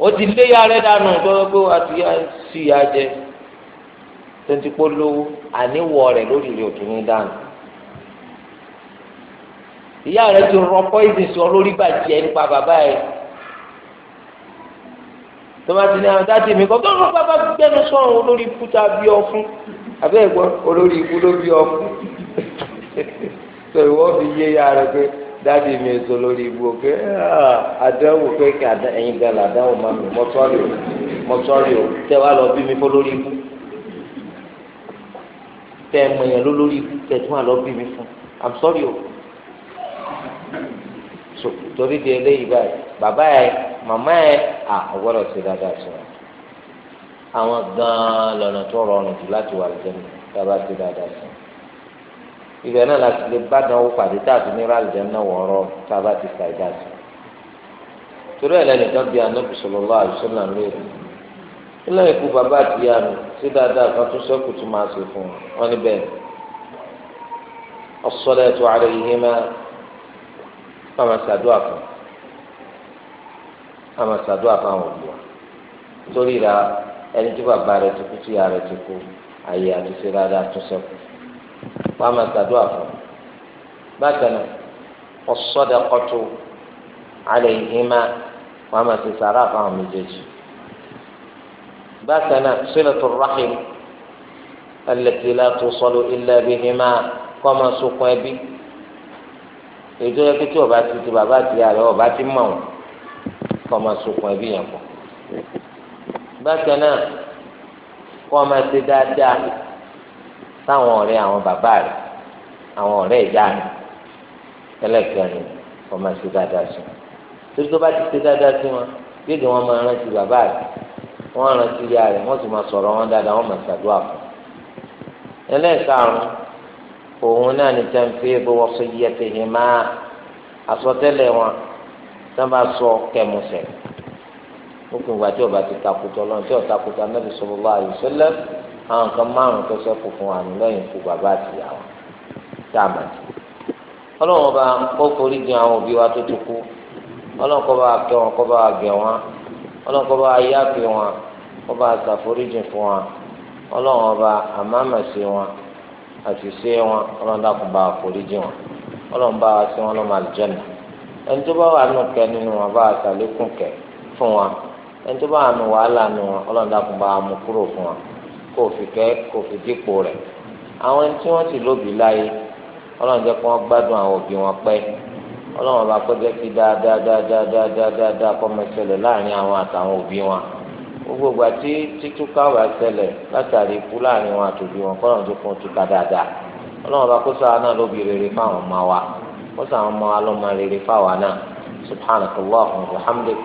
ó ti lé ya rẹ dànù tó yẹ pé wàá ti sí ya jẹ tó ti pọ́ lówó àníwọ̀ rẹ̀ lórí rẹ̀ òtún ní dànù ìyá rẹ ti rọ poison sọ lórí bàjẹ́ nípa bàbá yẹn tó bá ti ní àwọn dáàtì mi kọ́ tó ló bàbá gbẹnu sọ̀rọ̀ olórí ikú bí ọ fún olórí ikú ló bí ọ tó ìwọ fi yé ìyá rẹ pé dáàdi mi èso lórí ibu òkè àdáwò kéèké ẹ̀yin gan la àdáwò máa mi mọ́tọ́rì o mọ́tọ́rì o tẹ́ wàá lọ bí mi fọ́ lórí ibu tẹ́ ẹ mọ̀ yẹn ló lórí ibu tẹ́ tún wà lọ bí mi fún i'm sorry o so torí di eléyìí báyìí bàbá yẹ màmá yẹ à ọgbọ́dọ̀ ṣe dáadáa sí wọn àwọn gan-an lọ́nà tó rọrùn jù láti wà lẹ́nu tá a bá ṣe dáadáa sí wọn ibẹ̀ náà la ti lè bá dánwó pàdé tàbí nírà àlùjáná wọ̀ọ́rọ́ tá a bá ti fà ìdá sí. torí ẹ̀ lẹ́nu kan bí anábì sallallahu alaihi wasallam léèrè ilé ìkú bàbá àti ìyá mi sí dáadáa kan tún sẹ́kù tún máa ṣe fún wọn níbẹ̀. as-salatu alayhima máa ṣàdúrà fún máa ṣàdúrà fún àwọn òbí wa torí ra ẹni tí bàbá rẹ ti kú tí ìyá rẹ ti kú àyè àti ṣe dáadáa tún sẹ́kù wàá máa ṣàdúrà fún un bákan náà ọ̀sọ́dẹ̀kọ́tù alẹ́ ìhìnmá wàá máa ṣe sàrà fáwọn méjèèjì bákan náà sílẹ̀tù rahim alẹ́tì látò sọ́lù ilẹ̀ ìhìnmá kọ́ máa sokun ẹbí èdè yẹ kí tí ọba ti ti bàbá ti yà rẹ ọba ti mọ̀ wọn kọ́ máa sokun ẹbí yẹn pọ̀ bákan náà kọ́ máa ṣe dáadáa sáwọn ọ̀rẹ́ àwọn bàbá rẹ̀ àwọn ọ̀rẹ́ ìyá rẹ̀ ẹlẹ́kẹrin wọ́n máa ṣe dáadáa sí wọn torí tó bá ti ṣe dáadáa sí wọn yóò dé wọn máa rántí bàbá rẹ̀ wọ́n rántí ìyá rẹ̀ wọ́n sì máa sọ̀rọ̀ wọn dáadáa wọ́n máa ṣàdúrà fún un ẹlẹ́ẹ̀karùn-ún òun náà ní tẹ́ǹfẹ́ bó wọ́n sọ yíyẹ tẹ̀yìn máa àsọtẹ́lẹ̀ wọn tán bá sọ kẹmùsẹ̀ ó kún ìgbà tí ọba ti takùtọ̀ lọ́n tí ọ̀ takùtọ̀ anábì sallallahu alaihi àwọn nǹkan márùn-ún tó sẹ́kù fún wa lẹ́yìn ikú bàbá àti ìyàwó tá a mọ̀ sí. ọlọ́run ọba kó forí jìn àwọn òbí wa tó ti kú ọlọ́run kó bá kẹ́ wọn kó bá gẹ̀ wọn ọlọ́run kó bá yáàpì wọn kó bá ṣàforíjìn fún wọn ọlọ́run ọba àmàmàṣe wọn àṣìṣe wọn ọlọ́run dákun bá forí jìn wọn ọlọ́run bá wa sí wọn lọ́mọ àlùjẹ́nà ẹni tó bá wà nù kẹ́ nínú wọn bá ṣàlékún kẹ́ fún wọn ẹni tó bá wà nù wàhálà nù wọn ọlọ́run dákun bá mú kúrò fún wọn kò fi kẹ́ kò fi dípò rẹ̀ àwọn ẹni tí wọ́n ti lóbi láyé ọlọ́run jẹ́ kó wọ́n gbádùn àwọn òbí wọn pẹ́ ọlọ́run bá kọjá sí dáadáa dáadáa dáadáa dáadáa kọ́ máa ṣẹlẹ̀ láàrin àwọn àtàwọn òbí wọn gbogbo ìgbà tí títúkà wà ṣẹlẹ̀ látàrí ikú láàrin wọn àtòbí wọn kọ́ ọ̀run tó fún túká dáadáa ọlọ́run bá kó sáà náà lóbi rere fáwọn ọmọ wa kó sáà ọmọ wa lọ́mọ rere fáwọn náà subhanaka wa hamdik